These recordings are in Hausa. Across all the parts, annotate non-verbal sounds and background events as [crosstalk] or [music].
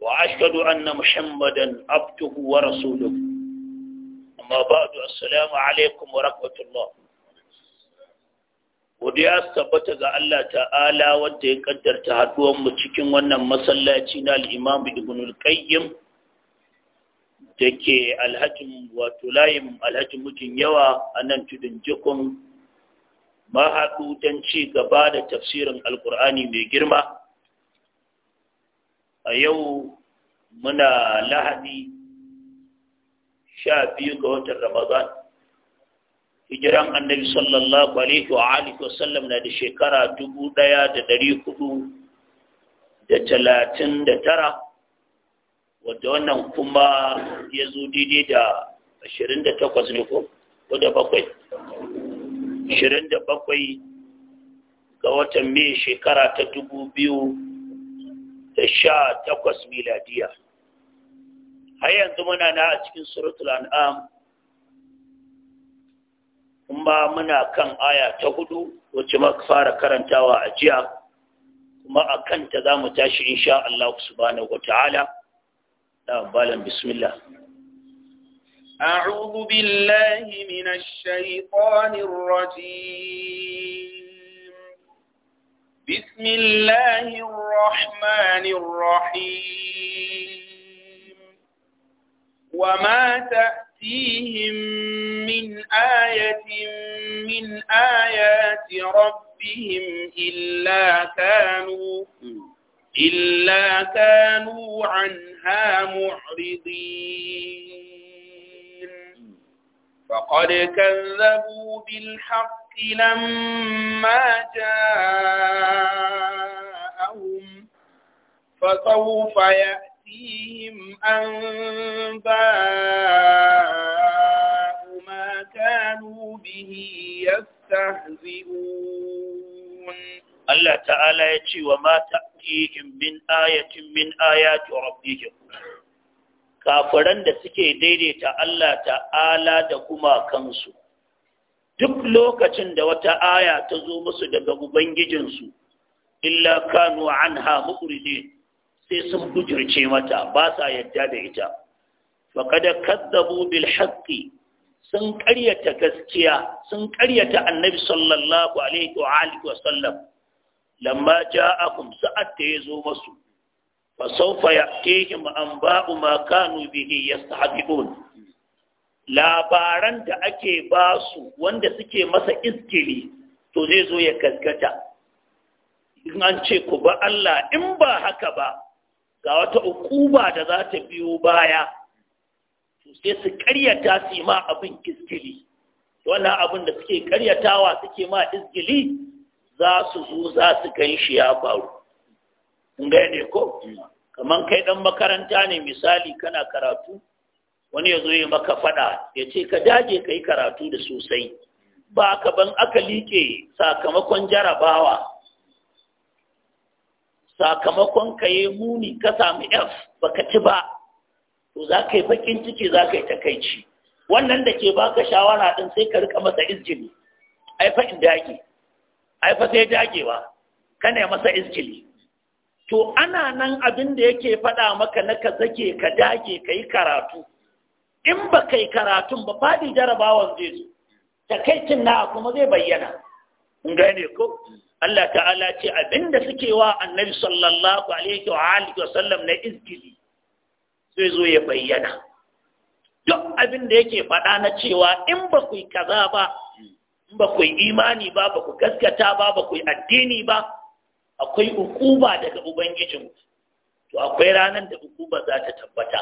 وأشهد أن محمدا عبده ورسوله أما بعد السلام عليكم ورحمة الله godiya ya tabbata ga Allah ta'ala wadda ya kaddarta haduwan mu cikin wannan masallaci na al-Imam Ibn al-Qayyim dake alhajin wato layin alhajin mutun yawa a nan tudun jikun mahaɗu don ci gaba da tafsirin alkur'ani mai girma a yau muna lahadi sha biyu ga watan ramadan hijiran annabi sallallahu alaihi wa alihi wasallam na da shekara dubu ɗaya da dari hudu da talatin da tara wadda wannan kuma ya zo daidai da ashirin da takwas ne ko da bakwai ashirin da bakwai ga watan mai shekara ta dubu biyu da sha takwas miladiya har yanzu muna na a cikin suratul an'am kuma muna kan aya ta hudu wacce muka fara karantawa a jiya kuma a kanta za mu tashi insha Allah subhanahu wata'ala na balan bismillah أعوذ بالله من الشيطان الرجيم بسم الله الرحمن الرحيم وما تأتيهم من آية من آيات ربهم إلا كانوا إلا كانوا عنها معرضين فقد كذبوا بالحق الحق لما جاءهم فسوف يأتيهم أنباء ما كانوا به يستهزئون الله تعالى يتي وما تأتيهم من آية من آيات ربهم kafiran da suke daidaita Allah ta'ala da kuma kansu duk lokacin da wata aya ta zo musu daga ubangijinsu illa kanu anha muqridin sai sun bujirce mata ba sa yadda da ita faqad kadzabu bil haqqi sun ƙaryata gaskiya sun ƙaryata annabi sallallahu alaihi wa alihi wa sallam lamma ja'akum sa'at ta yazo musu fa sawfa ya'tihim anba'u ma kanu bihi yastahiqun labaran da ake ba su wanda suke masa iskili to zai zo ya kaskata in an ce ku ba Allah in ba haka ba ga wata ukuba da za ta biyo baya to sai su karyata su ma abin iskili wannan abin da suke karyatawa suke ma iskili za su zo za su gan shi ya faru kun ko hmm. kaman kai dan makaranta ne misali kana karatu wani ya zo yi maka fada ya ce ka dage ka yi karatu da sosai ba ka ban aka liƙe sakamakon jarabawa sakamakon ka yi muni ka sami f ka ci ba to za ka yi bakin ciki za ka yi takaici wannan da ke baka shawara ɗin sai ka rika masa izgili aifa in dage ai sai dagewa ne masa izgili to ana nan abin da yake faɗa maka na ka zake ka dage ka yi karatu in ba kai karatun ba faɗi jarabawan zai zo takaicin na kuma zai bayyana gane ko Allah ta'ala ce abinda suke wa annabi sallallahu alaihi wa alihi wa na izgili zai zo ya bayyana duk abinda yake faɗa na cewa in ba ku kaza ba in ba ku imani ba ba ku gaskata ba ba ku addini ba akwai ukuba daga ubangijinku to akwai ranar da ukuba za ta tabbata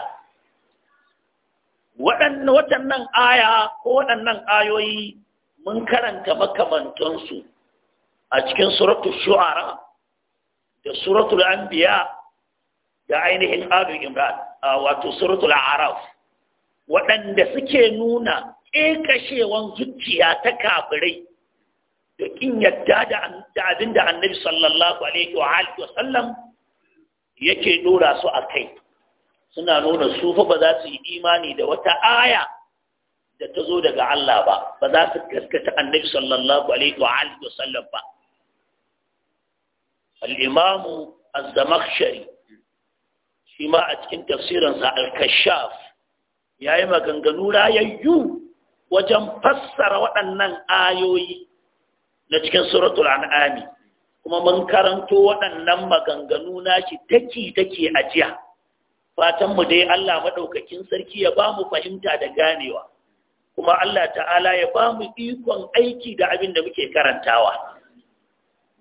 waɗannan aya ko waɗannan ayoyi mun karanta makamantansu a cikin suratul shu'ara da suratul anbiya da ainihin alu imran wato suratul araf waɗanda suke nuna ƙeƙashewan zuciya ta kafirai da ƙin yadda da abin da annabi sallallahu alaihi wa sallam, yake ɗora su a kai suna nuna su fa ba za su yi imani da wata aya da ta zo daga Allah ba ba za su gaskata annabi sallallahu alaihi wa alihi wa sallam ba al-imam az-zamakhshari shi ma a cikin tafsirin sa al-kashaf yayi maganganu rayayyu wajen fassara waɗannan ayoyi na cikin suratul an'ami kuma mun karanto waɗannan maganganu nashi take take a jiya fatan mu dai Allah maɗaukakin sarki ya ba mu fahimta da ganewa kuma Allah ta'ala ya ba mu ikon aiki da abin da muke karantawa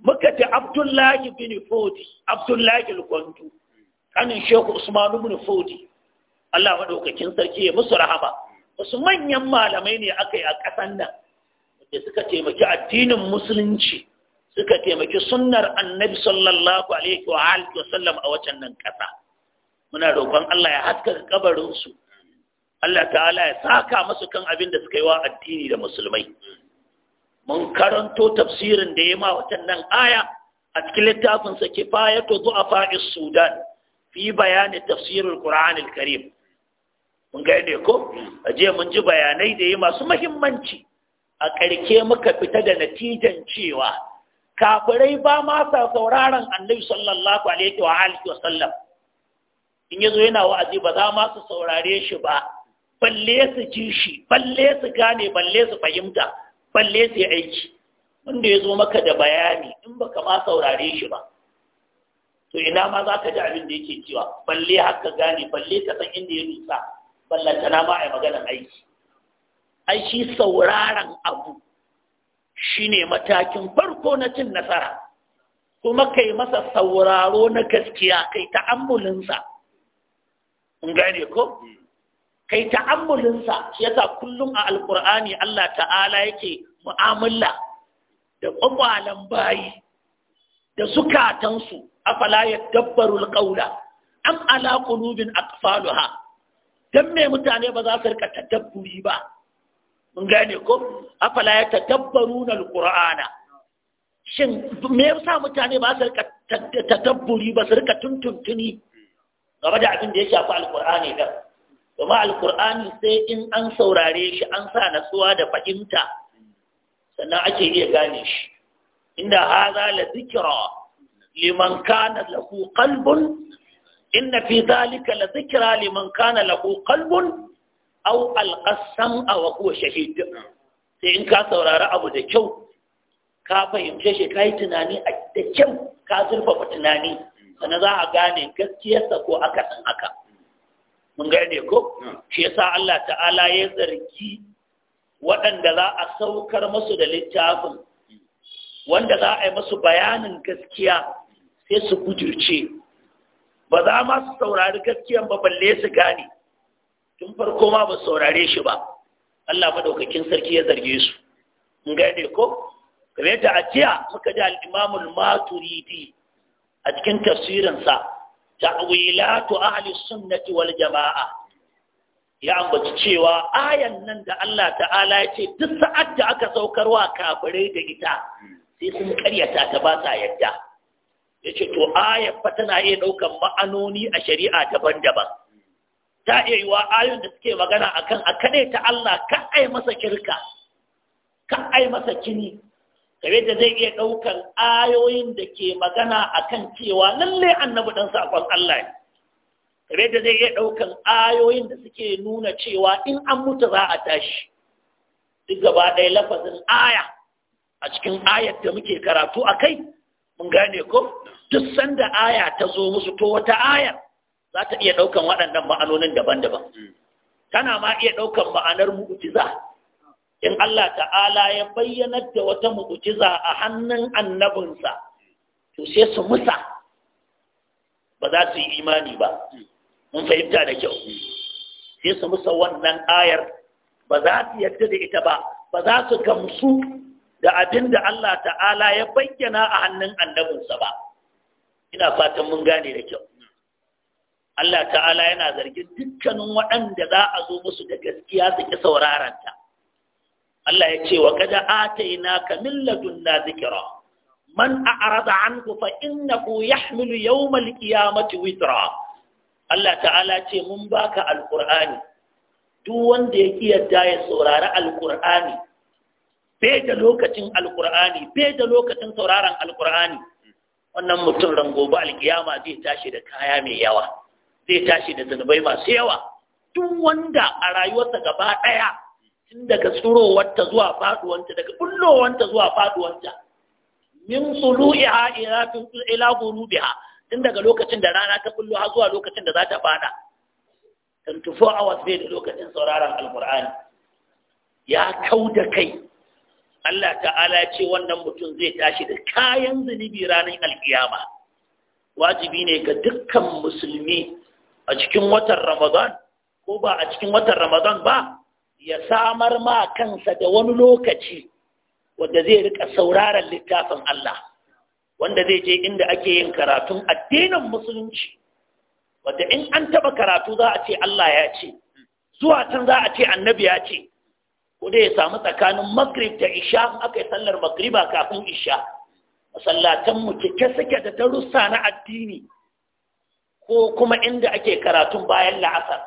muka ta Abdullahi bin Fodi Abdullahi al kanin sheku Usman bin Fodi Allah madaukakin sarki ya musu rahama wasu manyan malamai ne aka yi a ƙasan nan da suka taimaki addinin musulunci suka taimaki sunnar annabi sallallahu alaihi wa wa sallam a wacan nan ƙasa muna roƙon Allah ya haskaka kabarinsu Allah ta'ala ya saka masu kan abin da suka yi wa addini da musulmai mun karanto tafsirin da ya ma watannan aya a cikin littafin littafinsa kifayatu du'afa sudan fi bayani tafsirul qur'anil karim mun ga ne ko aje mun ji bayanai da ya masu muhimmanci a ƙarke muka fita da natijan cewa kafirai ba ma sa sauraron annabi sallallahu alaihi wa alihi wa sallam in yazo yana wa'azi ba za ma su saurare shi ba balle su ji shi balle su gane balle su fahimta balle su yi aiki wanda ya zo maka da bayani in baka ma saurare shi ba to ina ma za ka ji abin da yake cewa balle haka gane balle ka san inda ya ballanta na ma a yi maganar aiki ai shi sauraron abu shine matakin farko na cin nasara kuma kai masa sauraro na gaskiya kai ta'ammulinsa mun gane ko kai ta'ammulinsa shi yasa kullum a Alƙur'ani Allah ta'ala yake mu'amala da kwakwalen bayi da sukatansu a falayar dabbarul qaula an ala qulubin aqfaluha don me mutane ba za su rika tadabburi ba mun gane ko a falayar ta tadabbaruna alqur'ana shin me yasa mutane ba su rika tadabburi ba su rika tuntuntuni game da abin da ya shafi alkur'ani din kuma alkur'ani sai in an saurare shi an sa natsuwa da fahimta sannan ake iya gane shi inda haza la zikra liman kana lahu qalbun inna fi dhalika la zikra liman kana lahu qalbun aw alqasam aw huwa shahid sai in ka saurari abu da kyau ka fahimce shi kai tunani da kyau ka zurfafa tunani sannan za a gane gaskiyarsa ko aka san aka. mun gane ko hmm. shi yasa Allah ta'ala ya zargi waɗanda za a saukar musu da littafin wanda za a yi musu bayanin gaskiya sai su gujirce ba za ma su saurari gaskiyan ba balle su gane tun farko ma ba saurare shi ba Allah madaukakin sarki ya zarge su mun gane ko kamar yadda a jiya muka ji al-Imamul Maturidi a cikin tafsirinsa ta'wilatu ahli sunnati wal jama'a ya ambaci cewa ayan nan da Allah ta'ala ya ce duk sa'ad da aka saukar wa kafirai da ita sai sun karyata ta ba sa yadda ya ce to ayar fa tana iya ɗaukan ma'anoni a shari'a daban-daban ta iya yi wa ayun da suke magana akan a kaɗai ta Allah ka ai masa kirka ka ai masa kini kare da zai iya ɗaukan ayoyin da ke magana a kan cewa lallai annabi ɗan saƙon Allah ne da zai iya ɗaukan ayoyin da suke nuna cewa in an mutu za a tashi duk gaba ɗaya lafazin aya a cikin ayat da muke karatu a kai mun gane ko duk sanda aya ta zo musu to wata aya za ta iya ɗaukan waɗannan ma'anonin daban-daban hmm. tana ma iya ɗaukan ma'anar mu'ujiza. in Allah ta'ala ya bayyanar da wata mu'jiza a hannun annabinsa to sai su musa ba za su yi imani ba mun fahimta da kyau sai su musa wannan ayar ba za su yarda da ita ba ba za su gamsu da abin da Allah ta'ala ya bayyana a hannun annabinsa ba ina fatan mun gane da kyau Allah ta'ala yana zargin dukkanin waɗanda za a zo musu da gaskiya su ƙi sauraranta Allah ya ce wa kada ataina ka min ladunna zikra man a'rada anhu fa innahu yahmilu yawmal qiyamati witra. Allah ta'ala ce mun baka alqur'ani duk wanda ya kiyarda ya saurari alqur'ani be da lokacin alqur'ani be da lokacin sauraron alqur'ani wannan mutum ran gobe alkiyama zai tashi da kaya mai yawa zai tashi da zanubai masu yawa duk wanda a rayuwarsa gaba ɗaya. tun daga tsurowarta zuwa faduwanta daga bullowarta zuwa faduwanta min sulu'iha ila ila ghurubiha tun daga lokacin da rana ta bullo har zuwa lokacin da za ta fada 24 hours bai da lokacin sauraron alqur'ani ya kauda kai Allah ta'ala ya ce wannan mutum zai tashi da kayan zunubi ranar alkiyama wajibi ne ga dukkan musulmi a cikin watan ramadan ko ba a cikin watan ramadan ba ya samar ma kansa da wani lokaci wanda zai rika sauraron littafin Allah wanda zai je inda ake yin karatun addinin musulunci wanda in an taba karatu za a ce Allah ya ce zuwa can za a ce annabi ya ce ko dai ya samu tsakanin magrib da isha aka yi sallar magriba kafin isha masallatan mu cike suke da darussa na addini ko kuma inda ake karatun bayan la'asar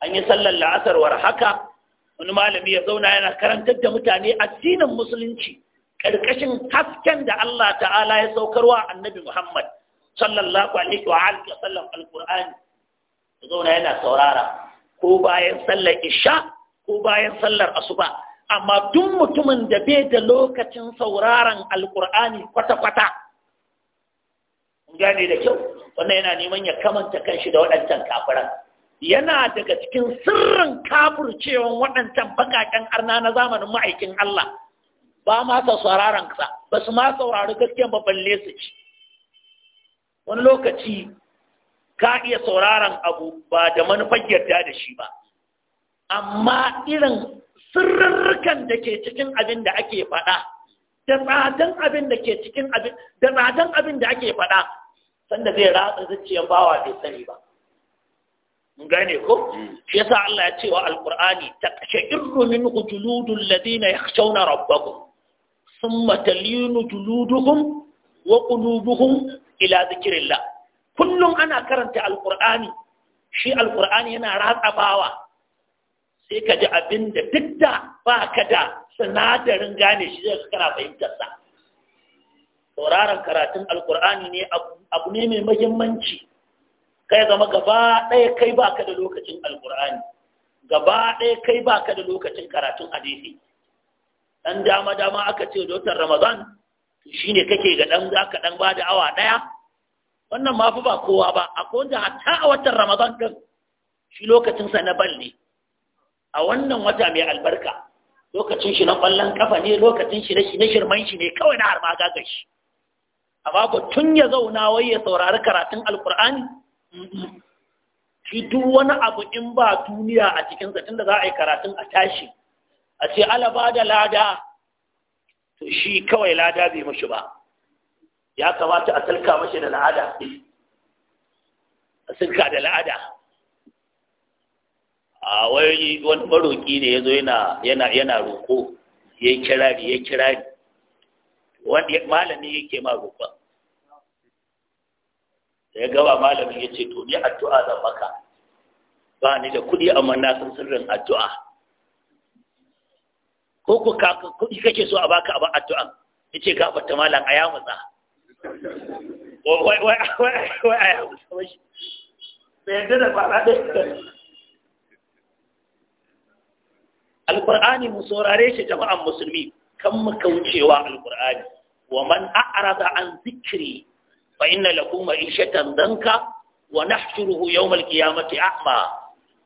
an yi sallar la'asar war haka wani malami ya zauna yana karantar da mutane addinin musulunci ƙarƙashin hasken da Allah ta'ala ya saukarwa annabi Muhammad sallallahu alaihi wa alihi wa sallam alqur'ani ya zauna yana saurara ko bayan sallar isha ko bayan sallar asuba amma duk mutumin da bai da lokacin sauraron alqur'ani kwata-kwata gane da kyau wannan yana neman ya kamanta kanshi da waɗancan kafiran yana daga cikin sirrin kafurcewan waɗancan bakaken arna na zamanin ma'aikin Allah ba ma sa sauraron sa ba su ma saurari gaskiyan ba balle su ci wani lokaci ka iya sauraron abu ba da manufar yarda da shi ba amma irin sirrurrukan da ke cikin abin da ake faɗa da tsadan abin da ke cikin abin da tsadan abin da ake faɗa sanda zai ratsa zuciyar bawa bai sani ba gane ko hmm. shi yasa Allah ya ce wa alqur'ani taqsha'irru min juludul ladina yakhshawna rabbahum thumma talinu juluduhum wa qulubuhum ila dhikrillah kullum ana karanta alqur'ani shi alqur'ani yana ratsabawa sai ka ji abin da duk da ka da sinadarin gane shi zai kana fahimtar sa sauraron karatun alqur'ani ne abu ne mai muhimmanci kai zama gaba ɗaya kai baka da lokacin alkur'ani gaba ɗaya kai baka da lokacin karatun hadisi dan dama dama aka ce da watan ramadan shine kake ga ka ɗan ba bada awa ɗaya wannan ma ba kowa ba a wanda hatta a watan ramadan din shi lokacin sa na bal ne a wannan wata mai albarka lokacin shi na ƙwallon kafa ne lokacin shi na shirman shi ne kawai na harma gagar shi amma ba tun ya zauna wai ya saurari karatun alkur'ani shi duk wani abu in ba duniya a cikinsa tunda za a yi karatun a tashi a ce alaba da lada to shi kawai lada bai mashi ba ya kamata a salka mashi da lada a salka da lada a wani wani maroƙi ne ya zo yana roƙo ya yi kirari ya yi kirari malami yake ma roƙon da ya gaba malamin ya ce to ni addu'a zan maka ba ni da kuɗi amma na san sirrin addu'a ko ku kuɗi kake so a baka abin addu'a ya ce ka fata malam a yamutsa wai a yamutsa ba shi da yadda da fara ɗaya alƙur'ani mu saurare shi jama'an musulmi kan mu kaucewa alƙur'ani wa man a'rada an zikri fa inna lahu ma'ishatan danka wa nahshuruhu yawm al-qiyamati a'ma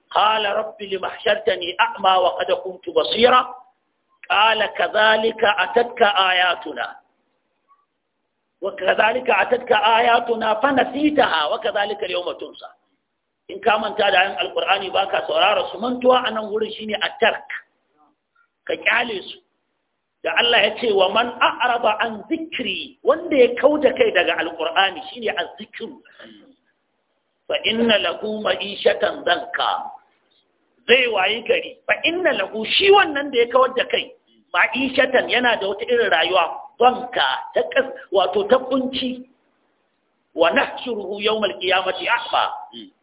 qala rabbi lima hashartani a'ma wa qad kuntu basira qala kadhalika atatka ayatuna wa kadhalika atatka ayatuna fa nasitaha wa kadhalika al-yawma tunsa in ka manta da ayan alqur'ani baka saurara su mantuwa anan wurin shine atark ka kyale su da Allah ya ce wa man a'raba an zikri wanda ya kauta kai daga alqur'ani shine azzikru fa inna lahu ma'ishatan danka zai wayi gari fa inna lahu shi wannan da ya kawar da kai ma'ishatan yana da wata irin rayuwa danka ta kas wato ta kunci wa nahshuruhu yawmal qiyamati ahba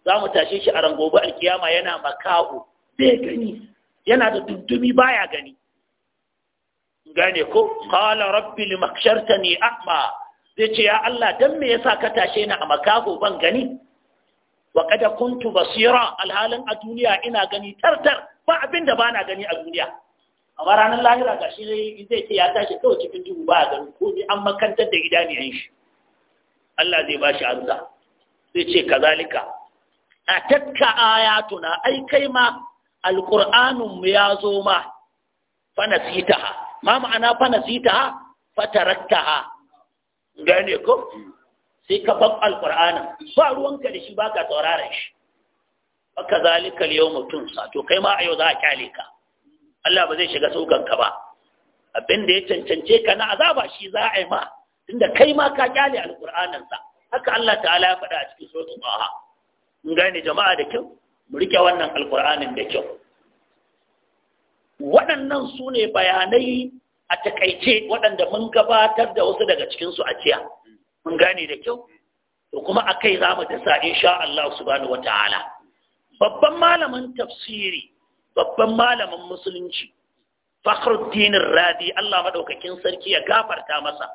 za mu tashe shi a rangobi alkiyama yana makaho bai gani yana da dundumi baya gani gane ko qala rabbi limakshartani a'ma zai ce ya Allah dan me yasa ka tashe ni a makaho ban gani wa kada kuntu basira alhalin a duniya ina gani tartar ba abin bana gani a duniya amma ranar lahira gashi zai ce ya tashi kawai cikin duhu ba a gani ko an makantar da idaniyan shi Allah zai ba arza zai ce kazalika a tatka ayatuna ai kai ma alqur'anun mu ya zo ma fa nasitaha ma ma'ana fa nasita fa taraktaha gane ko sai ka bar alqur'ana ba ruwanka da shi baka sauraron shi baka zalika al tunsa to kai ma a yau za a kyale ka Allah ba zai shiga saukanka ka ba Abinda ya cancance ka na azaba shi za a yi ma tunda kai ma ka kyale alqur'anan sa haka Allah ta'ala ya faɗa a cikin suratul Taha mun gane jama'a da kyau mu rike wannan alqur'anin da kyau waɗannan su ne bayanai a takaice waɗanda mun gabatar da wasu daga cikinsu a jiya mun gane da kyau to kuma a kai za mu tasa insha Allah subhanahu wa ta'ala babban malamin tafsiri babban malamin musulunci fakhruddin radi Allah madaukakin sarki ya gafarta masa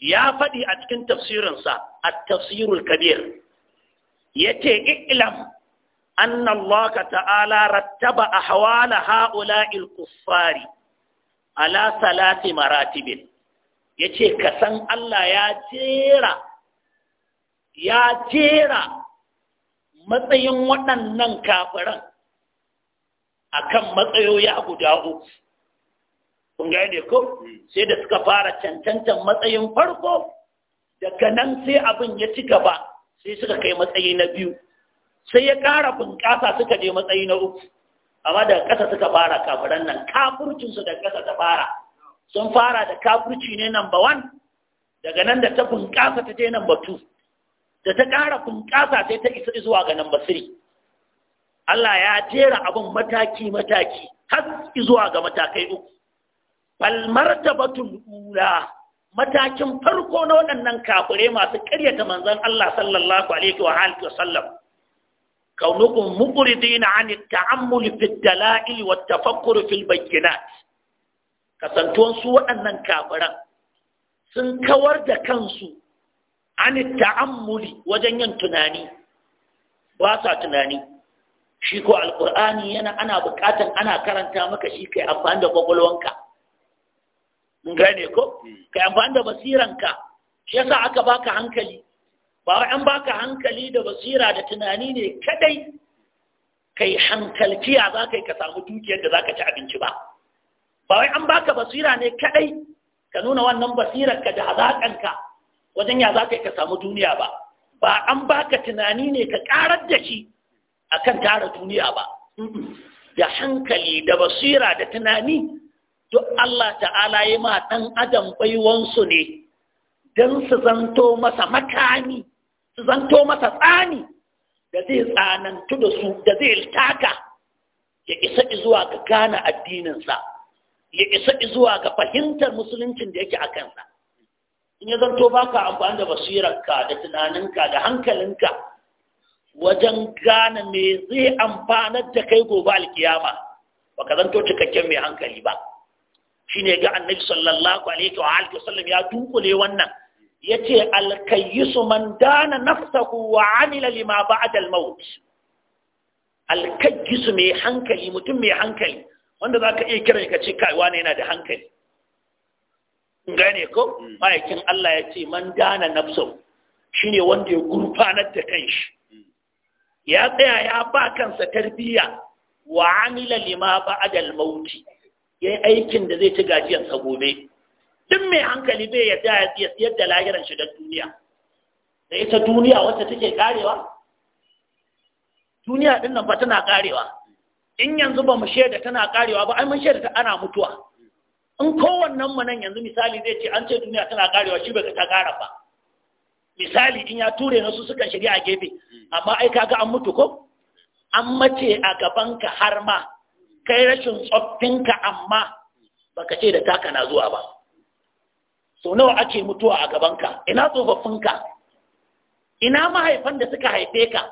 ya faɗi a cikin tafsirinsa at-tafsirul kabir yace ilam أن الله تعالى رتب أحوال هؤلاء الكفار على ثلاث مراتب yace ka san Allah ya jera ya jera matsayin waɗannan kafiran akan matsayoya guda uku kun ga ko sai da suka fara cancantan matsayin farko daga nan sai abin ya ci gaba sai suka kai matsayi na biyu sai ya ƙara bunƙasa suka je matsayi na uku amma daga ƙasa suka fara kafiran nan su daga ƙasa ta fara sun fara da kafirci ne namba wan daga nan da ta bunƙasa ta je namba tu da ta ƙara bunƙasa sai ta isa zuwa ga namba siri Allah ya jera abin mataki-mataki har zuwa ga matakai uku bal martabatul ula matakin farko na waɗannan kafirai masu ƙaryata manzon Allah sallallahu alaihi wa alihi wa sallam kaunukum muqridina an ta'ammuli fi dalail wa tafakkur fil bayyinat kasantuwan su waɗannan kafiran sun kawar da kansu an ta'ammuli wajen yin tunani ba sa tunani shi ko alqur'ani yana ana buƙatan ana karanta maka shi kai amfani da kwakwalwanka mun gane ko kai amfani da basiranka shi yasa aka baka hankali ba an baka hankali da basira da tunani ne kadai kai hankalciya za ka yi ka samu dukiyar da za ka ci abinci ba ba wai an baka basira ne kadai ka nuna wannan basirar ka da hazaƙanka wajen ya za ka yi ka samu duniya ba ba an baka tunani ne ka ƙarar da shi akan tara duniya ba da hankali da basira da tunani duk Allah ta'ala ya ma ɗan adam baiwansu ne don su zanto masa makami su zanto masa tsani da zai tsanantu da su da zai taka ya isa zuwa ga gane addininsa ya isa zuwa ga fahimtar musuluncin da yake a kansa in ya zanto ba ka amfani da basirarka da tunaninka da hankalinka wajen gane me zai amfanar da kai gobe alkiyama ba ka zanto cikakken mai hankali ba shi ne ga annabi sallallahu alaihi wa alihi wasallam ya dunkule wannan yace alkayyisu man dana nafsahu wa amila lima ba'da almaut mai hankali mutum mai hankali wanda zaka iya kira ka ce kai wani yana da hankali gane ko hmm. ma'aikin Allah yace man dana nafsahu shine wanda ya gurfanar da kanshi hmm. ya tsaya ya ba kansa tarbiyya wa amila lima ba'da almaut aikin da zai ci gajiyar sa gobe duk mai hankali bai yadda ya siyar da lahiran shi da duniya da ita duniya wacce take karewa duniya din nan fa tana karewa in yanzu ba mu shaida tana karewa ba ai mun shaida ta ana mutuwa in kowannen mu nan yanzu misali zai ce an ce duniya tana karewa shi bai ta kara ba misali in ya ture na su sukan shirya a gefe amma ai kaga an mutu ko an mace a gabanka har ma kai rashin tsoffinka amma baka ce da taka na zuwa ba so nawa ake mutuwa a gabanka ina tsofaffinka ina mahaifan da suka haife ka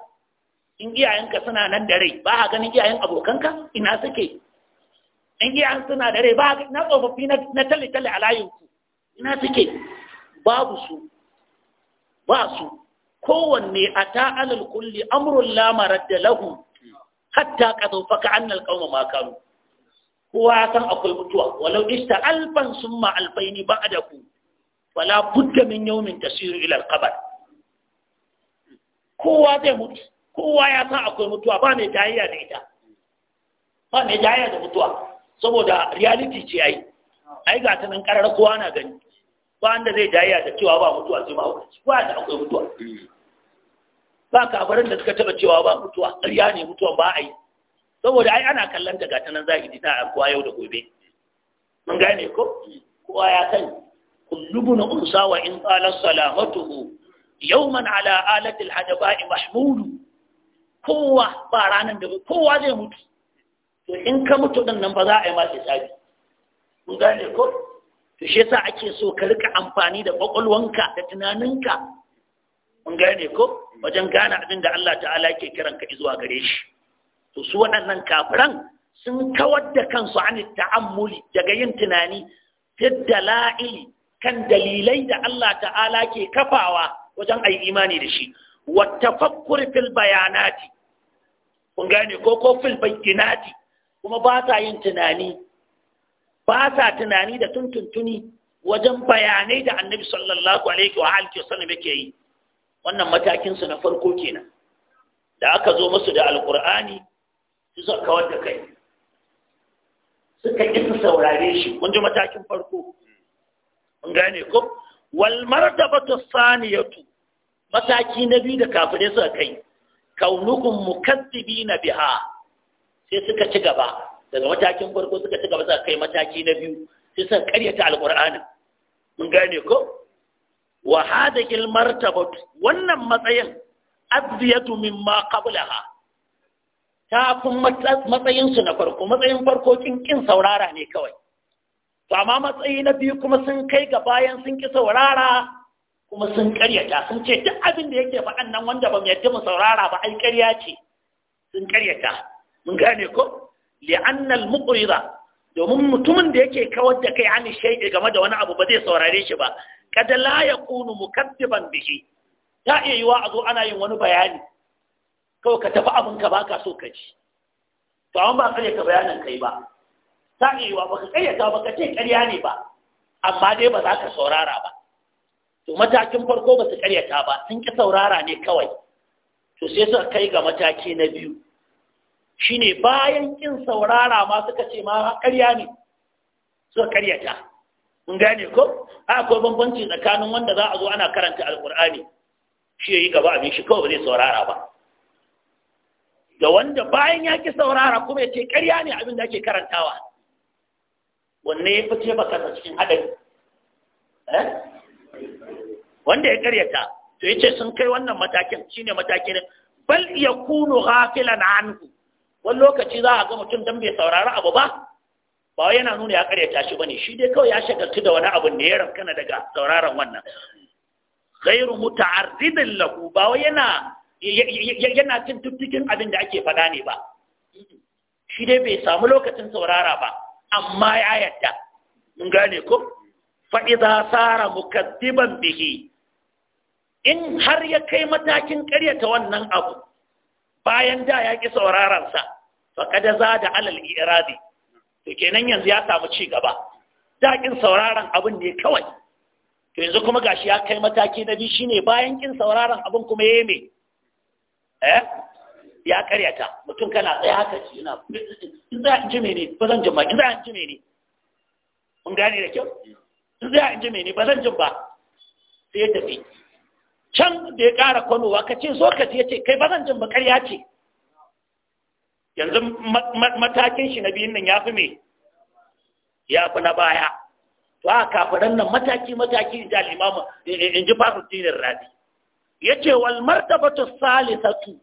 in iyayenka suna nan da rai ba a ganin iyayen abokanka ina suke in iyayen suna da rai ba a ina tsofaffi na tale-tale a layinku ina suke babu su ba su kowanne a ta'alal kulli amrun lamarar da lahu hatta kazofa ka annal kauma makaru kowa ya san akwai mutuwa walau ista alfan summa alfaini ba a da ku wala budda min yawmin tasiru ila al-qabr kowa zai mutu kowa ya san akwai mutuwa ba mai jayayya da ita ba mai jayayya da mutuwa saboda reality ce ai ai ga ta nan karar kowa na gani ba wanda zai jayayya da cewa ba mutuwa sai ba hukunci ba da akwai mutuwa ba kafarin da suka taba cewa ba mutuwa ƙarya ne mutuwan ba a yi saboda ai ana kallon ta gata nan zahiri ta kowa yau da gobe mun gane ko kowa ya sani kullubun unsa wa in qala salamatuhu yawman ala alati alhadaba'i mahmulu kowa ba ranan da kowa zai mutu to in ka mutu ɗin nan ba za a yi ma hisabi mun gane ko to shi ake so ka rika amfani da kwakwalwanka da tunaninka mun gane ko wajen gane abin da Allah ta'ala yake kiran ka zuwa gare shi to su waɗannan kafiran sun kawar da kansu an ta'ammuli daga yin tunani fid dala'ili kan dalilai da Allah ta'ala ke kafawa wajen a imani da shi wata fakkur fil bayanati kun gane ko ko fil bayanati kuma ba sa yin tunani ba sa tunani da tuntuntuni wajen bayanai da annabi sallallahu alaihi wa alihi wasallam yake yi wannan matakin su na farko kenan da aka zo musu da alqur'ani su zaka wanda kai suka isa saurare shi kun ji matakin farko mun gane ko wal martabatu saniyatu mataki na biyu da kafirai suka kai kaunukum mukazzibina biha sai suka ci gaba daga matakin farko suka ci gaba suka kai mataki na biyu sai suka karyata alqur'ani mun gane ko wa hadhihi martabatu wannan matsayin adyatu mimma qablaha ta kuma matsayin su na farko matsayin farko kin kin saurara ne kawai to amma matsayi na biyu kuma sun kai ga bayan sun ki saurara kuma sun karyata sun ce duk abin da yake faɗan nan wanda ba mu yadda mu saurara ba ai karya ce sun karyata mun gane ko li'annal muqrida domin mutumin da yake kawar da kai ani shaidi game da wani abu ba zai saurare shi ba kada la yakunu mukaddiban bihi ta iya yiwa a zo ana yin wani bayani kawai ka tafi abin ka baka so ka ji to amma ba karyata ka bayanan kai ba ta iya baka kayyata baka ce ƙarya ne ba amma dai ba za ka saurara ba to matakin farko ba su karyata ba sun ki saurara ne kawai to sai suka kai ga mataki na biyu shine bayan kin saurara ma suka ce ma ƙarya ne suka karyata mun gane ko akwai bambanci tsakanin wanda za a zo ana karanta alkur'ani shi yayi gaba abin shi kawai ba zai saurara ba da wanda bayan ya ki saurara kuma ya ce ƙarya ne abin da ake karantawa wanne ya fi ce baka cikin haɗari eh? wanda ya karyata to yace sun kai wannan matakin shine matakin bal hafila na anhu wani lokaci za a ga mutum dan bai saurari abu ba ba yana nuna ya karyata shi bane shi dai kawai ya shagaltu da wani abu ne ya rankana daga sauraron wannan ghairu muta'arridin lahu ba wai yana yana cin tuttukin abin da ake faɗa ne ba shi dai bai samu lokacin saurara ba amma ya yadda mun gane ko fa idza sara mukaddiban bihi in har ya kai matakin ƙaryata wannan abu bayan da ya ƙi sauraron sa fa kada za da alal iradi to kenan yanzu ya samu ci gaba da ƙin sauraron abin ne kawai to yanzu kuma gashi ya kai mataki na biyu shine bayan ƙin sauraron abin kuma yayi me eh ya karyata mutum kana tsaye haka ce yana in za a ji mene ba zan jin ba in za a ji mene mun gane da kyau in za a ji mene ba zan jin ba sai ya tafi can da ya kara kwanowa ka ce zo ka ce kai ba zan jin ba karya ce yanzu matakin shi na biyun nan ya fi me ya fi na baya to a kafiran nan mataki mataki in ji al'imamu in ji fasu rabi ya ce wal martabatu salisatu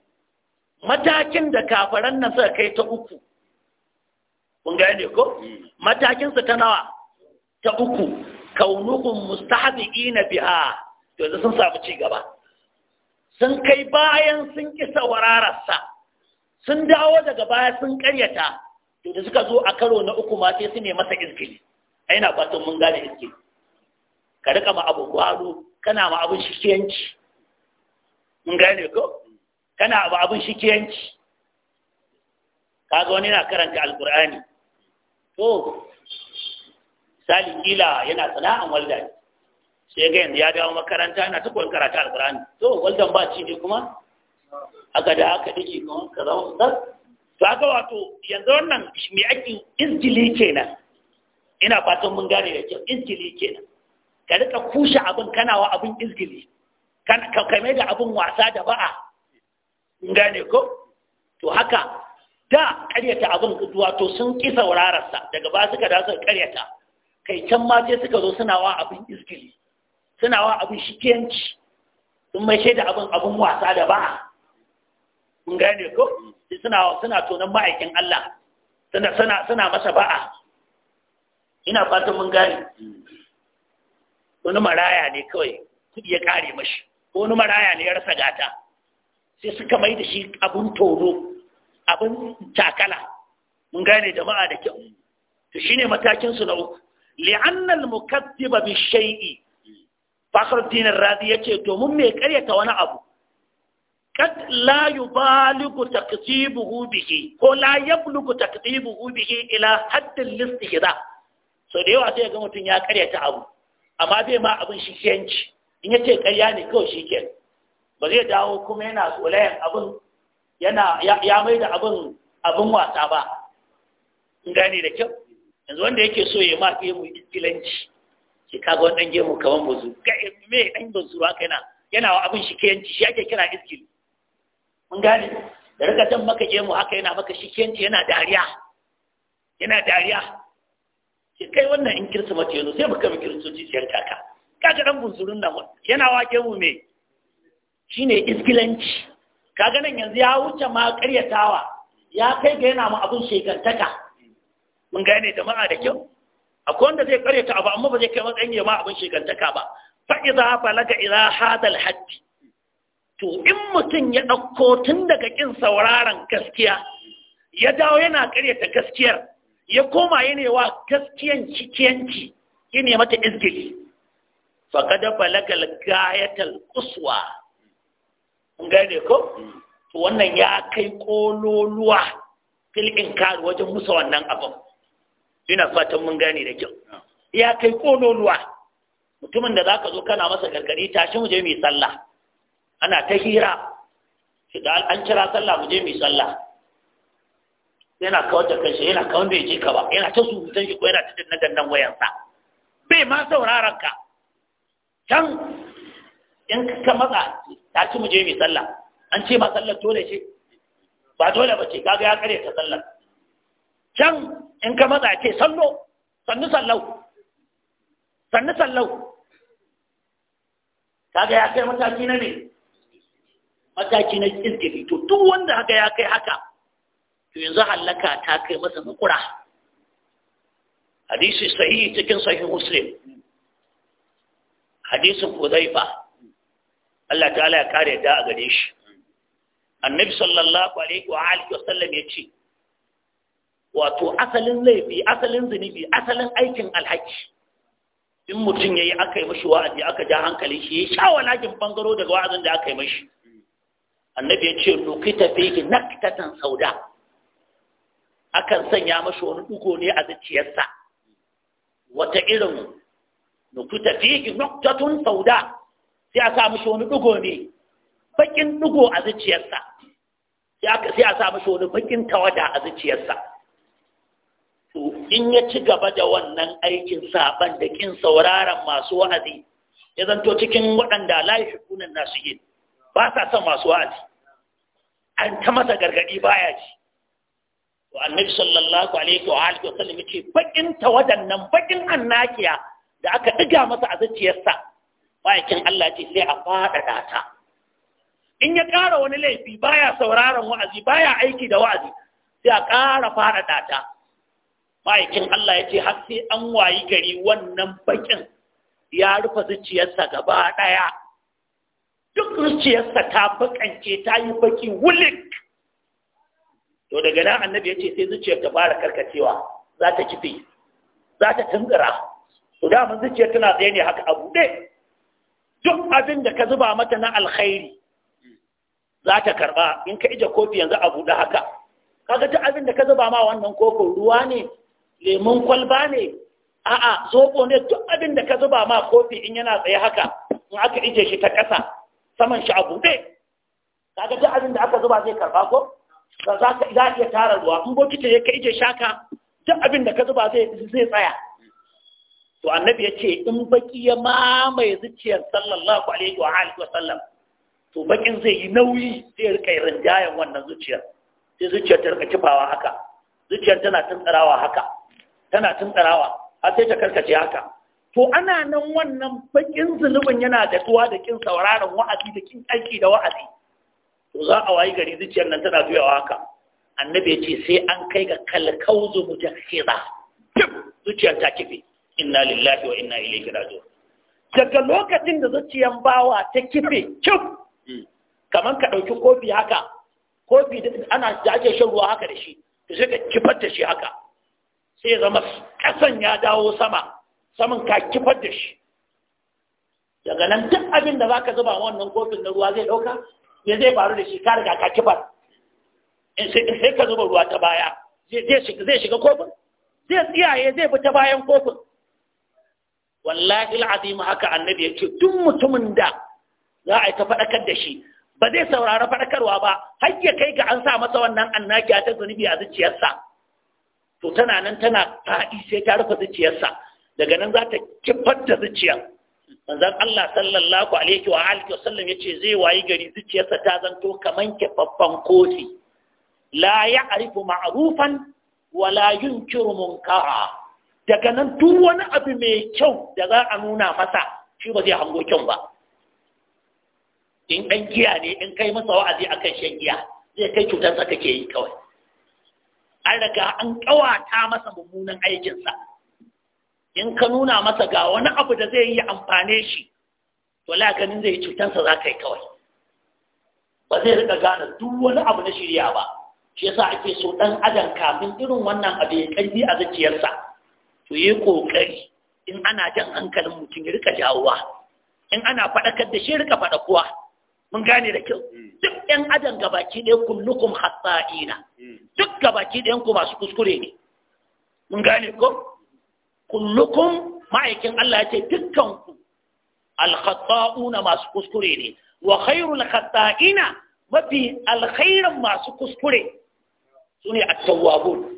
matakin da kafaran nan suka kai ta uku kun gane ko matakin su ta nawa ta uku kaunuhum mustahbiina biha yanzu sun samu ci gaba sun kai bayan sun kisa warararsa sun dawo daga baya sun karyata to da suka zo a karo na uku ma sai su ne masa iskili ai na fatan mun gane iskili ka rika ma abu gwaro kana ma abun shikiyanci mun gane ko kana abu abin Ka kaga wani na karanta alkur'ani to misali kila yana sana'an walda ne sai ga yanzu ya dawo makaranta yana ta koyon karatu alkur'ani to waldan ba ci ne kuma aka da aka dake kuma ka zama ustaz to aka wato yanzu wannan mai ake izgili kenan ina fatan mun gane da kyau izgili kenan ka rika kushe abin kanawa abin izgili kan ka mai da abin wasa da ba'a gane ko to haka da karyata abin wato sun ƙi saurararsa daga ba suka da karyata kai can ma sai suka zo suna wa abin iskili suna wa abin shikenci sun mai shaida abin abin wasa da ba mun gane ko suna suna tonan ma'aikin Allah suna suna suna masa ba'a ina fatan mun gane wani maraya ne kawai kudi ya kare mashi ko wani maraya ne ya rasa gata sai suka mai da shi abin toro, abin takala mun gane jama'a da kyau to shine matakin su na uku li'anna al-mukaththiba bi shay'i fakhruddin ar-razi yace domin me karyata wani abu kad la yubaligu buhu bihi ko la yablugu buhu bihi ila hadd al gida. so da yawa sai ga mutun ya karyata abu amma bai ma abin shi kenci in yace karya ne kawai shi kenan ba zai dawo kuma yana tsolayen abin yana ya mai da abin abin wasa ba in gane da kyau yanzu wanda yake so ya ma mu iskilanci shi kaga wannan gemu kamar bazu ga me dan bazu haka yana yana wa abin shikiyanci shi ake kira iskil mun gane da rika can maka gemu haka yana maka shi shikiyanci yana dariya yana dariya shi kai wannan in mace yanzu sai baka bi ci siyan kaka kaga dan bunzurun nan yana wa gemu me Shi ne iskilanci kaga nan yanzu ya wuce ma karyatawa ya kai ga yana ma abin shekantaka mun gane jama'a da kyau akwai wanda zai karyata abu amma ba zai kai matsayin ya ma abin shekantaka ba fa idza balaga ila hadal haddi to in mutum ya ɗauko tun daga ƙin sauraron gaskiya ya dawo yana karyata gaskiyar ya koma yanewa gaskiyan cikiyanci ya ne mata izgili faƙada balagal gayatar kuswa gane ko to wannan ya kai kololuwa fil inkar wajen musa wannan abin ina fatan mun gane da kyau ya kai kololuwa mutumin da zaka zo kana masa gargari tashi mu je mu yi sallah ana ta hira shiga an kira sallah mu je mu yi sallah yana kawar da kanshi yana kawar bai je ka ba yana ta surutan shi ko yana ta dannan wayansa bai ma sauraron ka can in ka matsa ta ci mu je mai sallah an ce ba sallar dole ce ba dole ba ce kaga ya kare ta sallar can in ka matsa ce sallo sannu sallau sannu sallau kaga ya kai mataki na ne mataki na kirkiri to duk wanda haka ya kai haka to yanzu hallaka ta kai masa makura hadisi sahihi cikin sahihi muslim hadisin hudaifa Allah ta'ala ya kare da a gare shi annabi sallallahu alaihi wa alihi wasallam ya ce wato asalin laifi asalin zunubi asalin aikin alhaki in mutum yayi yi aka wa'azi aka ja hankali shi ya sha walakin bangaro daga wa'azin da aka yi mashi annabi ya ce lokita fihi naktatan sauda akan sanya mashi wani dugo ne a zuciyarsa wata irin lokita fihi naktatan sauda sai a sa mishi wani ɗigo ne bakin ɗigo a zuciyarsa sai a sa mishi wani bakin tawada a zuciyarsa in ya ci gaba da wannan aikin saban da kin sauraron masu wa'azi ya zanto cikin waɗanda layi kunan nasu yin ba sa son masu wa'azi an ta masa gargaɗi baya ji to annabi sallallahu alaihi wa alihi wa sallam yace bakin tawadan nan bakin annakiya da aka diga masa a zuciyarsa Ma'aikin Allah ce sai a faɗaɗa ta in ya ƙara wani laifi baya sauraron wa'azi baya aiki da wa'azi sai a ƙara faɗaɗa ta bayakin Allah ya ce har sai an wayi gari wannan baƙin. ya rufe zuciyarsa gaba ɗaya duk zuciyarsa ta bakance ta yi baki wulik to daga nan annabi ya ce sai zuciyar ta fara karkacewa za ta kife za ta tunzura to da zuciyar tana tsaye ne haka abu buɗe duk abin da ka zuba mata na alkhairi za ta karba in ka ije kofi yanzu a buɗe haka kaga duk abin da ka zuba ma wannan kofin ruwa ne lemun kwalba ne a'a zoɓo ne duk abin da ka zuba ma kofi in yana tsaye haka in aka ije shi ta ƙasa saman shi a buɗe kaga duk abin da aka zuba zai karba ko za ka iya tara ruwa in bokiti ya ka ije shaka duk abin da ka zuba zai tsaya to annabi ya ce in baki ya mamaye zuciyar sallallahu alaihi wa alihi wasallam to bakin zai yi nauyi zai rika rinjayen wannan zuciyar sai zuciyar ta rika kifawa haka zuciyar tana tuntsarawa haka tana tuntsarawa har sai ta karkace haka to ana nan wannan bakin zulubin yana datuwa da kin sauraron wa'azi da kin aiki da wa'azi to za a wayi gari zuciyar nan tana juyawa haka annabi ya ce sai an kai ga kalkauzu mujahida zuciyar ta kife inna lillahi wa inna ilaihi raji'un daga lokacin da zuciyan bawa ta kife kyau hmm. kamar ka ɗauki kofi haka kofi ana da ake shan ruwa haka da shi to sai ka kifar da shi haka sai zama kasan ya dawo sama saman ka kifar da shi daga nan duk abin da zaka zuba wannan kofin na ruwa zai ɗauka ya zai faru da shi ka riga ka kifar In sai ka zuba ruwa ta baya zai shiga kofin zai tsiyaye zai fita ta bayan kofin wallahi al'azim haka annabi yake duk mutumin da za a yi ta faɗakar da shi ba zai saurara faɗakarwa ba har ya kai ga an sa masa wannan annaki ta zunubi a zuciyarsa to tana nan tana faɗi sai ta rufe zuciyarsa daga nan za ta kifar da zuciya manzon Allah sallallahu alaihi wa alihi wasallam yace zai wayi gari zuciyarsa ta zanto kaman kifaffan kofi la ya'rifu ma'rufan wa la yunkiru munkara daga nan duk wani abu mai kyau da za a nuna masa shi ba zai hango kyau ba in ɗan giya ne in kai masa wa'azi a kan shan giya zai kai cutarsa kake yi kawai an riga an ƙawata masa mummunan aikinsa in ka nuna masa ga wani abu da zai yi amfane shi to la ganin zai cutarsa za ka yi kawai ba zai riƙa gane duk wani abu na shirya ba shi yasa ake so ɗan adam kafin irin wannan abu ya ƙarfi a zuciyarsa to yi ƙoƙari in ana jan hankalin mutum ya rika jawowa in ana faɗakar da shi rika faɗakuwa mun gane da kyau duk ɗan adam gabaki ɗaya kullukum hatsa'ina duk gabaki ɗayan ku masu kuskure ne mun gane ko kullukum ma'aikin Allah ya ce dukkan ku masu kuskure ne wa khairul khata'ina mafi alkhairan masu kuskure sune at-tawwabun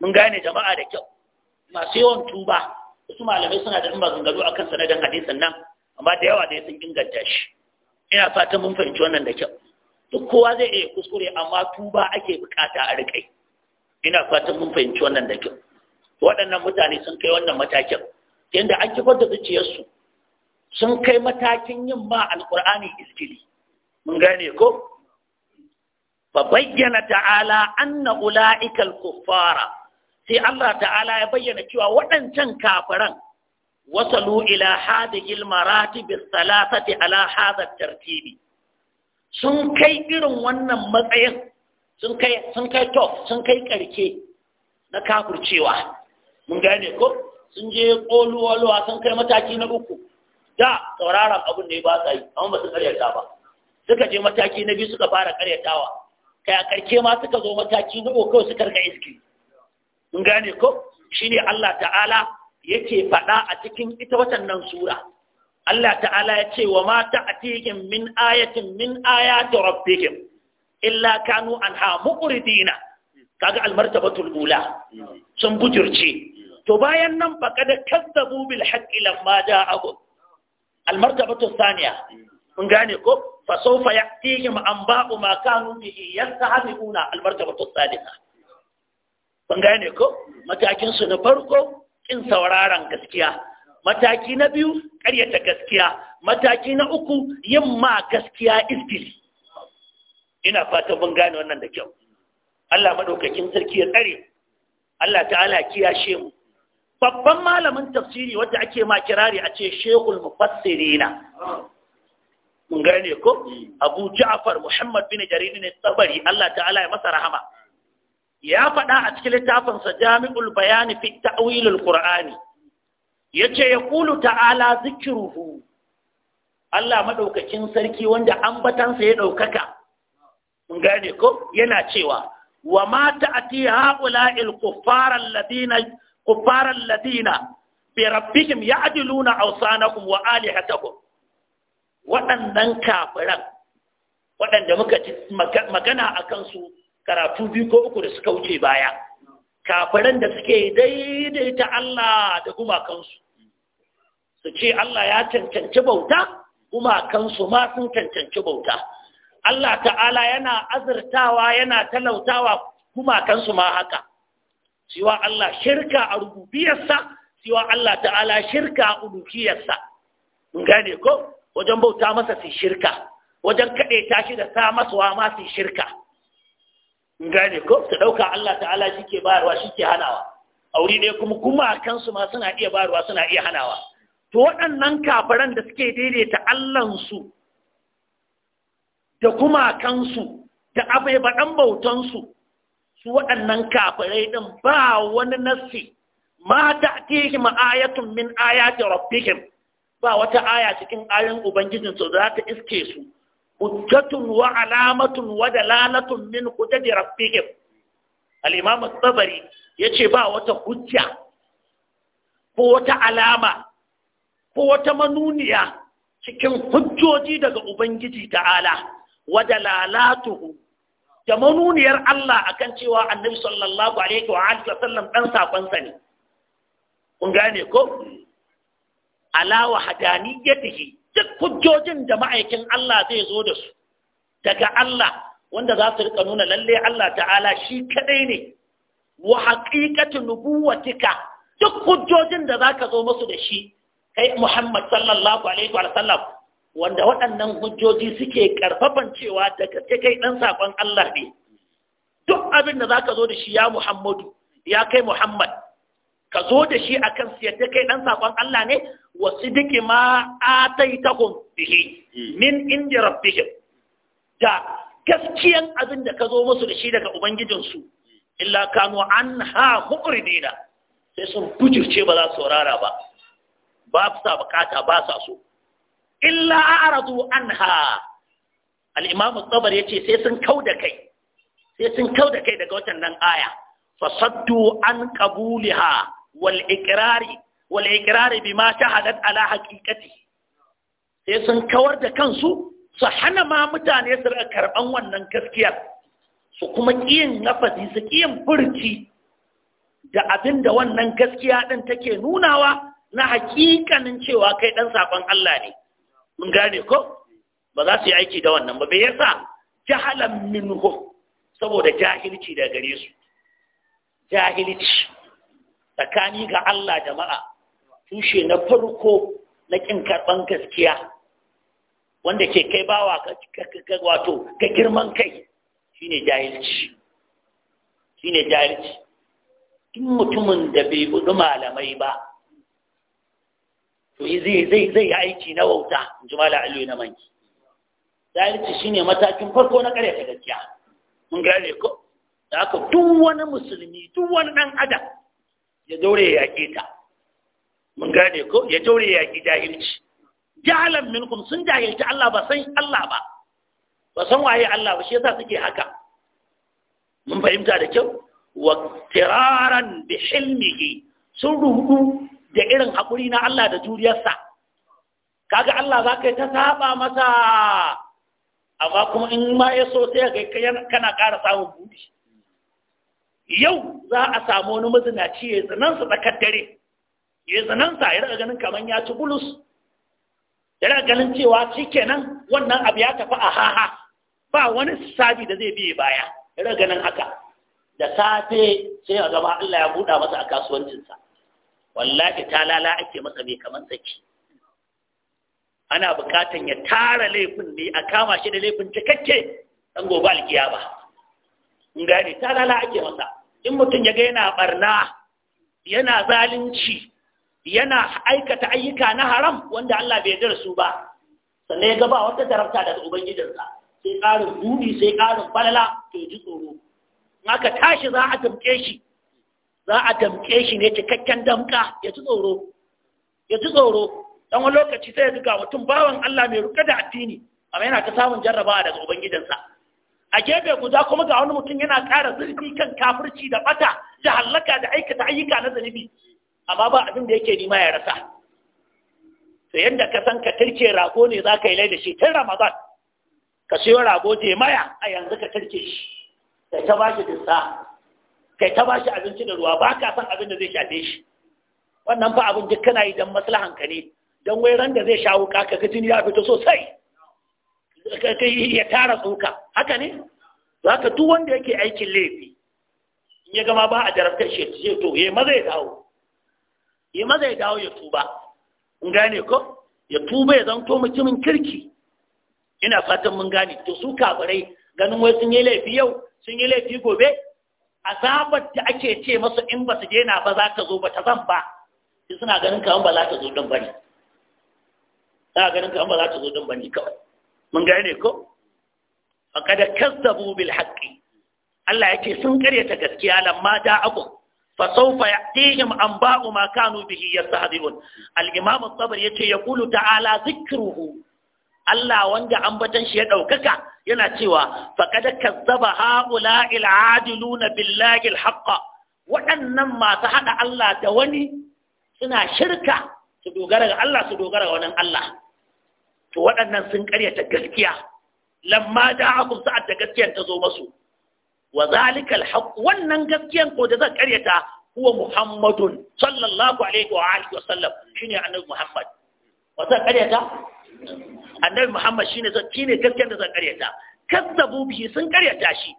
mun gane jama'a da kyau masu yawan tuba wasu malamai suna da ba zungaro akan sanadin hadisin nan amma da yawa da sun inganta shi ina fatan mun fahimci wannan da kyau duk kowa zai iya kuskure amma tuba ake bukata a rikai ina fatan mun fahimci wannan da kyau waɗannan mutane sun kai wannan matakin yadda an kifar da zuciyarsu sun kai matakin yin ma alkur'ani iskili mun gane ko fa bayyana ta'ala anna ula'ikal kuffara sai Allah ta'ala ya bayyana cewa waɗancan kafiran wasalu ila hadihil maratib salasati ala hadha tartibi sun kai irin wannan matsayin sun kai sun kai top sun kai karke na kafircewa mun gane ko sun je koluwaluwa sun kai mataki na uku da sauraron abin da ya ba sa yi amma ba su karyata ba suka je mataki na biyu suka fara karyatawa kai a karke ma suka zo mataki na uku suka karka iski mun gane ko Allah ta'ala yake faɗa a cikin ita watannan sura Allah ta'ala ya ce wa a ta'atihim min ayatin min ayati rabbihim illa kanu anha muqridina kaga almartabatul ula sun bujurce to bayan nan da kada kazzabu bil haƙƙi lamma ja'ahum almartabatul thaniya mun gane ko fa sawfa ya'tihim anba'u ma kanu bihi yastahzi'una almartabatul thalitha kun gane ko matakin su na farko kin sauraron gaskiya mataki na biyu karyata gaskiya mataki na uku yin ma gaskiya iskili ina fatan mun gane wannan da kyau Allah madaukakin sarki ya tsare Allah ta'ala kiyashe mu babban malamin tafsiri wanda ake ma kirari a ce shekul mufassirina mun gane ko abu ja'far muhammad bin jarir ne tsabari Allah ta'ala ya masa rahama ya faɗa a cikin littafinsa jami'ul bayani fi ta'wilul qur'ani yace ya kulu ta'ala zikruhu Allah madaukakin sarki wanda ambatansa ya daukaka mun gane ko yana cewa wa ma ta'ti ha'ula'il kuffara alladina kuffara alladina bi rabbihim ya'diluna awsanakum wa alihatakum waɗannan kafiran waɗanda muka magana a kansu karatu biyu ko uku da suka wuce baya kafiran da suke daidaita Allah da gumakansu su ce Allah ya cancanci bauta gumakansu ma sun cancanci bauta Allah ta'ala yana azurtawa yana talautawa gumakansu ma haka siwa Allah shirka a rububiyarsa siwa Allah ta'ala shirka a uluhiyarsa gane ko wajen bauta masa su shirka wajen kaɗe tashi da sa masuwa ma su shirka gane ko ta ɗauka Allah ta'ala shi ke bayarwa shi ke hanawa Aure ne kuma kuma kansu ma suna iya bayarwa suna iya hanawa to waɗannan kafiran da suke daidaita Allahnsu da kuma kansu da abai baɗan bautansu su waɗannan kafirai ɗin ba wani nassi ma ta tihi ma'ayatun min ayati rabbihim ba wata aya cikin ayan ubangijin ubangijinsu za ta iske su hujjatun wa alamatun wa dalalatun min hujjati rabbihim al-imam at-tabari yace ba wata hujja ko wata alama ko wata manuniya cikin hujjoji daga ubangiji ta'ala wa dalalatuhu da manuniyar Allah akan cewa annabi sallallahu alaihi wa alihi wa sallam dan sakon sa ne kun gane ko ala wa hadaniyatihi duk hujjojin da ma'aikin Allah zai zo da su daga Allah wanda za su rika nuna lalle Allah ta'ala shi kadai ne wa haqiqatu nubuwatika duk hujjojin da zaka zo musu da shi kai Muhammad sallallahu alaihi wa sallam wanda waɗannan hujjoji suke ƙarfafan cewa daga kai ɗan sakon Allah ne duk abin da zaka zo da shi ya Muhammadu ya kai Muhammad ka zo da shi akan siyadda kai dan sakon Allah ne wa sidiki ma ataitahum bihi hmm. min indi rabbihim da gaskiyan abin da ka zo musu da shi daga ubangijinsu illa kanu anha mu'ridina sai sun bujurce ba za su saurara ba ba sa bukata ba sa so illa aradu anha al-imam at-tabari yace sai sun kauda kai sai sun kauda kai daga wannan aya fasaddu an qabuliha wal iqrari wal bima shahadat ala haqiqati sai sun kawar da kansu su hana ma mutane su rika karɓan wannan gaskiyar su kuma kiyin nafasi su kiyin furci da abin da wannan gaskiya din take nunawa na hakikanin cewa kai dan saƙon Allah ne mun gane ko ba za su yi aiki da wannan ba bai yasa jahalan minhu saboda jahilci da gare su jahilci tsakani ga Allah jama'a tushe na farko na kin karban gaskiya wanda ke kai bawa ka wato ka girman kai shine jahilci shine jahilci duk mutumin da bai budu malamai ba to zai zai zai aiki na wauta in ji aliyu na manki jahilci shine matakin farko na kare ta gaskiya mun gane ko da haka duk wani musulmi duk wani dan adam ya daure ya yaƙe ta mun gane ko ya daure ya yaƙi jahilci jahalan minkum sun jahilci Allah ba san Allah ba ba san waye Allah ba shi yasa suke haka mun fahimta da kyau wa tiraran bi hilmihi sun ruhu da irin haƙuri na Allah da juriyarsa kaga Allah za ka yi ta saba masa amma kuma in ma ya so sai ga kana ƙara samun buɗi yau za a samu wani mazinaci ya zanansa tsakar dare ya zanansa ya raga ganin kamar ya ci bulus ya raga ganin cewa shi kenan wannan abu ya tafi a haha ba wani sabi da zai biye baya ya raga ganin haka da safe sai a gaba Allah ya buɗa masa a kasuwancinsa wallahi talala ake masa mai kamar tsaki ana bukatan ya tara laifin ne a kama shi da laifin cikakke dan gobe alkiyama in gane talala ake masa in mutum ya ga yana barna yana zalunci yana aikata ayyuka na haram wanda Allah bai yarda su ba sannan ya ga ba wata tarafta daga ubangijinsa sai ƙarin buɗi sai ƙarin falala to ji tsoro aka tashi za a tamke shi za a tamke shi ne cikakken damka ya ji tsoro ya ji tsoro dan wani lokaci sai ya ga mutum bawan Allah mai ruka da addini amma yana ta samun jarrabawa daga ubangijinsa a gefe guda kuma ga wani mutum yana ƙara zurfi kan kafirci da bata da hallaka da aikata ayyuka na zunubi amma ba abin da yake nima ya rasa to yanda ka san ka tarke rago ne za ka yi laida shi tun ramadan ka siyo rago je maya a yanzu ka tarke shi kai ta bashi dinsa kai ta bashi abinci da ruwa ba ka san abin da zai shafe shi wannan fa abin duk kana yi don maslahanka ne don wai ran da zai sha wuka ka ga jini ya fito sosai ya tara tsoka haka ne za ka duk wanda yake aikin laifi in ya gama ba a jarabtar shi to ya eh, maza ya dawo ya eh, maza ya dawo ya tuba in gane ko ya tuba ya zanto mutumin kirki ina fatan mun gane to su kafirai ganin wai sun yi laifi yau sun yi laifi gobe azabar da ake ce masu in ba su daina ba za ta zo ba ta zan ba suna ganin kamar ba za ta zo din bane suna ganin kamar ba za ta zo din bane kawai mun gane ko faqad kazzabu bil haqqi Allah yake sun karyata gaskiya lamma ja'akum fa sawfa ya'tihim anba'u ma kanu bihi yastahzi'un al-imam at-tabari yace yaqulu ta'ala zikruhu Allah wanda ambatan shi ya daukaka yana cewa faqad kazzaba ha'ula al-adiluna billahi al-haqqa waɗannan masu haɗa Allah da wani suna shirka su dogara ga Allah su dogara ga wannan Allah to waɗannan sun karyata gaskiya lamma da aku sa'ad da gaskiyar ta zo masu wa zalika alhaq wannan gaskiyar ko da zan karyata huwa muhammadun sallallahu alaihi wa alihi wa sallam shine annabi muhammad wa zan karyata annabi muhammad shine zan shine gaskiyar da zan karyata kazzabu bihi sun karyata shi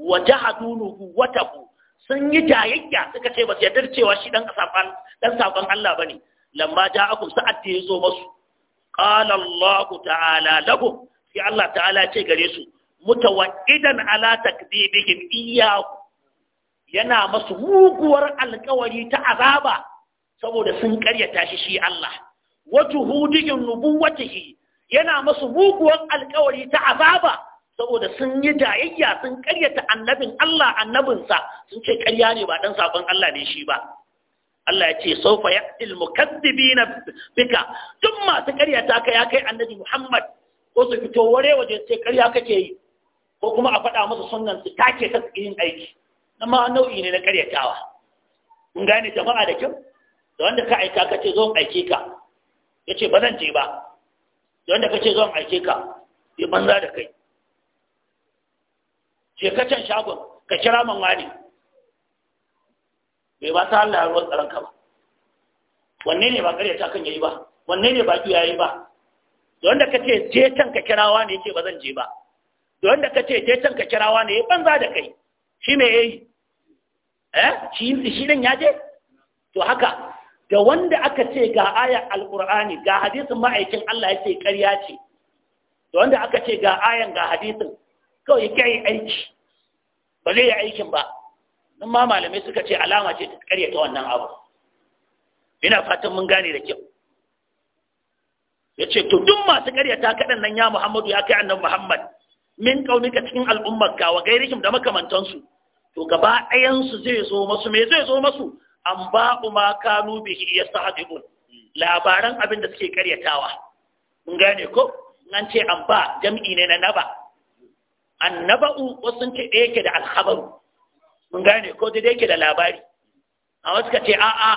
wa jahadunuhu wa tabu sun yi jayayya suka ce ba su yarda cewa shi dan kasaban dan sabon Allah bane lamma da ja'akum sa'ad da ya zo masu qala ta'ala lagu sai Allah ta'ala ce gare su idan ala takdibihim iyaku yana masu muguwar alkawari ta azaba saboda sun karyata shi shi Allah wato hudikin nubuwatihi yana masu muguwar alkawari ta azaba saboda sun yi jayayya sun karyata annabin Allah annabinsa sun ce karya ne ba dan sabon Allah ne shi ba Allah ya ce saufa ya'til na fika duk masu karyata ka ya kai annabi Muhammad ko su fito ware waje sai karya kake yi ko kuma a faɗa musu sunan su take ta yin aiki ma nau'i ne na karyatawa mun gane jama'a da kyau da wanda ka aika ka ce zon aike ka ya ce ba zan je ba da wanda ka ce zon aike ka ya banza da kai je ka can shagon ka kira man wani bai ba ta Allah ruwan tsaron ka ba wanne ne ba gare ta kan yayi ba wanne ne ba ya yi ba da wanda kace je can ka kirawa ne yake ba zan je ba da wanda kace je can ka kirawa ne banza da kai shi me yayi eh shi shi din ya je to haka da wanda aka ce ga ayar alqur'ani ga hadisin ma'aikin Allah yake ƙarya ce da wanda aka ce ga ayan ga hadisin kawai kai aiki ba zai yi aikin ba nan ma malamai suka ce alama ce ta karyata wannan abu ina fatan mun gane da kyau ya ce to duk masu karyata kaɗan nan ya muhammadu ya kai annan muhammad min ka cikin al'ummar wa gairikin da makamantansu to gaba ɗayansu zai zo masu me zai zo masu an ba ma kanu bihi ya sa'adun labaran abin da suke karyatawa mun gane ko an ce an ba jam'i ne na naba annaba'u wasu ce ɗaya ke da alhabaru mun gane ko dai yake da labari a wasu ka ce a'a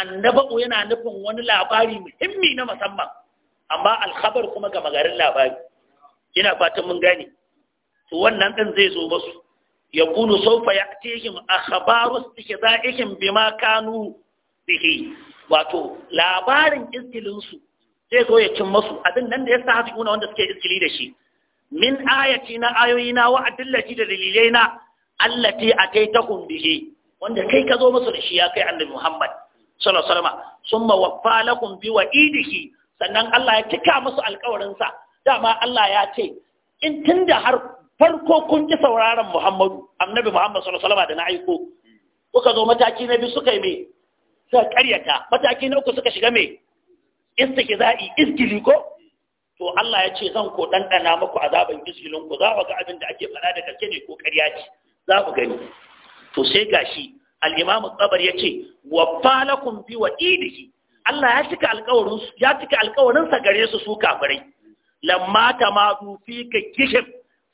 annaba'u yana nufin wani labari muhimmi na musamman amma alkhabar kuma ga magarin labari ina fatan mun gane to wannan din zai zo musu yakunu sawfa ya'tihim akhbaru istihza'ihim bima kanu bihi wato labarin iskilin su zai zo ya cin masu abin nan da ya sa hasu wanda suke iskili da shi min ayati na ayoyi na wa adillati da dalilai na allati ataitahum bihi wanda kai ka zo musu da shi ya kai annabi Muhammad sallallahu alaihi wasallam summa waffa bi wa'idihi sannan Allah ya cika musu alƙawarin sa dama Allah ya ce in tunda har farko kun ki sauraron Muhammadu annabi Muhammad sallallahu alaihi wasallam da na aiko kuka zo mataki na biyu suka yi me suka karyata mataki na uku suka shiga me istihza'i izgili ko to Allah ya ce zan ko dandana muku azaban izgilin ku za ku ga abin da ake faɗa da gaske ne ko ƙarya ce za ku gani to sai gashi al-imam tsabar yace wa falakum bi idihi Allah ya cika alƙawarin ya cika alƙawarin sa gare su su kafirai lamma du fi ka kishif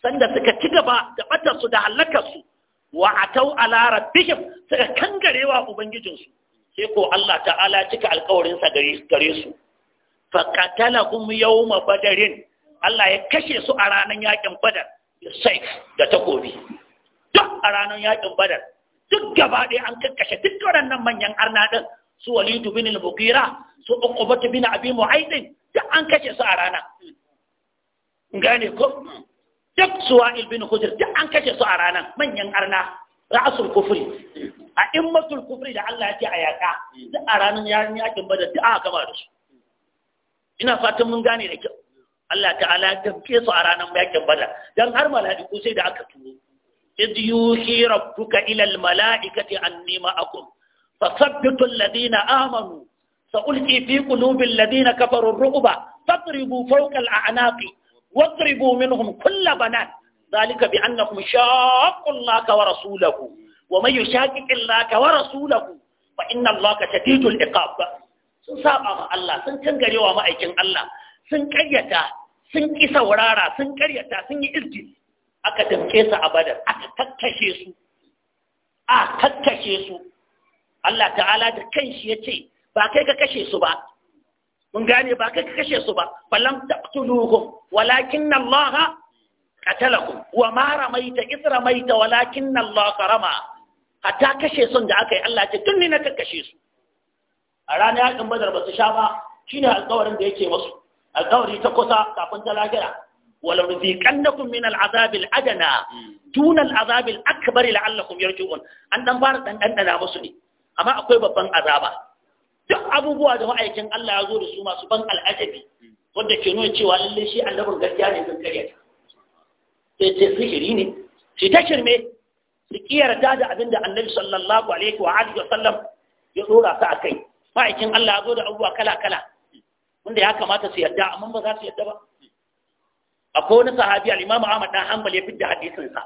sanda suka ci gaba da batar su da halakar su wa atau ala rabbihim suka kangarewa ubangijin su sai ko Allah ta'ala cika alƙawarin sa gare gare su fa qatalahum yawma badarin Allah ya kashe su a ranar yakin badar sai da takobi duk a ranar yakin badar duk gaba ɗaya an kakkashe duk waɗannan manyan arna ɗin su walidu bin al-mughira su uqbatu bin abi mu'aydin duk an kashe su a rana gane ko duk suwa'il bin hujr duk an kashe su a rana manyan arna ra'asul kufri a immatul kufri da Allah yake a yaka duk a ranar yayin yakin badar duk aka gama da su ina fatan mun gane da kyau Allah ta'ala ya tamke su a ranar yakin badar dan har mala'iku sai da aka tuno إذ يوحي ربك إلى الملائكة أني معكم فثبتوا الذين آمنوا سألقي في قلوب الذين كفروا الرعب فاضربوا فوق الأعناق واضربوا منهم كل بنان ذلك بأنهم شاقوا الله ورسوله ومن يشاكك الله ورسوله فإن الله شديد العقاب sun saba ma Allah sun kangarewa ma'aikin Allah sun karyata sun ki saurara sun karyata sun yi izgili aka damke su a badar aka kakkashe su a su Allah ta'ala da kanshi ya ce ba kai ka kashe su ba mun gane ba kai ka kashe su ba falam taqtuluhum walakin Allah qatalakum wa ma ramaita iz ramaita walakin Allah rama hatta kashe sun da aka yi Allah ce tun na kakkashe su a ranar yakin badar ba su sha ba shine alƙawarin da yake musu alƙawari ta kusa kafin ta lahira ولنذيقنكم من العذاب الأدنى دون العذاب الأكبر لعلكم يرجعون أن نبار أن نامسني أما أقوي ببن عذابا duk abubuwa da ma'aikin Allah ya zo da su masu ban al'ajabi wanda ke nuna cewa lallai shi annabin gaskiya ne don kare ta sai ce sihiri ne shi ta shirme su kiyarta da abin da annabi sallallahu alaihi wa alihi wa sallam ya dora su akai ma'aikin Allah ya zo da abubuwa kala kala wanda ya kamata su yarda amma ba za su yarda ba akwai wani sahabi al Ahmad dan Hanbal ya fidda hadisinsa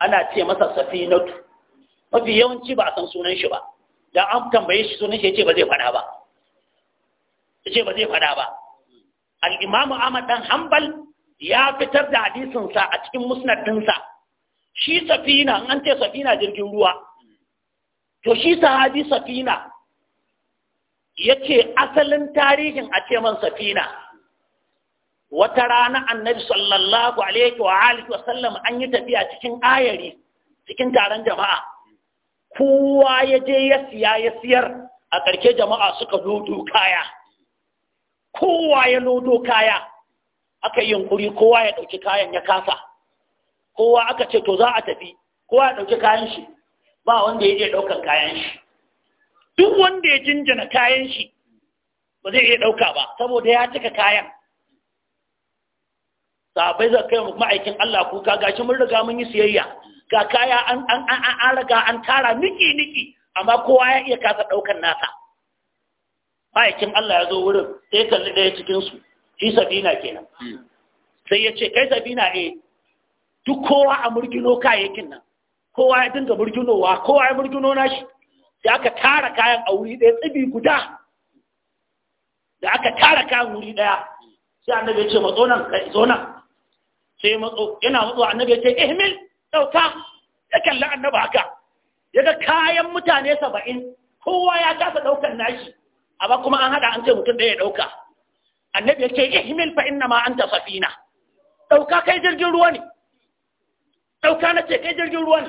ana ce masa safinatu mafi yawanci ba a san sunan shi ba da an tambaye shi sunan shi ce ba zai fada ba ce ba zai fada ba al Ahmad dan Hanbal ya fitar da hadisinsa a cikin musnad dinsa shi safina an ce safina jirgin ruwa to shi sahabi safina yace asalin tarihin a ce man safina wata rana annabi sallallahu alaihi wa alihi wa sallam an yi tafiya cikin ayari cikin taron jama'a kowa ya je ya siya ya siyar a ƙarshe jama'a suka lodo kaya kowa ya lodo kaya aka yi yunkuri kowa ya ɗauki kayan ya kasa kowa aka ce to za a tafi kowa ya ɗauki kayan shi ba wanda ya iya ɗaukan kayan shi duk wanda ya jinjina kayan shi ba zai iya ɗauka ba saboda ya cika kayan sahabbai za kai ma'aikin Allah kuka gashi mun riga mun yi siyayya ga kaya an an an an riga an tara niki niki amma kowa ya iya kasa daukan nasa ma'aikin Allah ya zo wurin sai kalli daya cikin su shi sabina kenan hmm. sai ya ce kai sabina eh duk kowa a murgino kayayyakin nan kowa ya dinga murginowa kowa ya murgino nashi sai aka tara kayan a wuri daya, tsibi guda da aka tara kayan wuri daya, sai annabi ya ce matso nan kai zo nan sai matso yana matso annabi ya ce ihmil dauka ya kalli annabi haka ya ga kayan mutane saba'in kowa ya kasa daukan nashi amma kuma an hada an ce mutum ɗaya ya dauka annabi ya ce ihmil fa inna ma anta safina dauka kai jirgin ruwa ne dauka na ce kai jirgin ruwa ne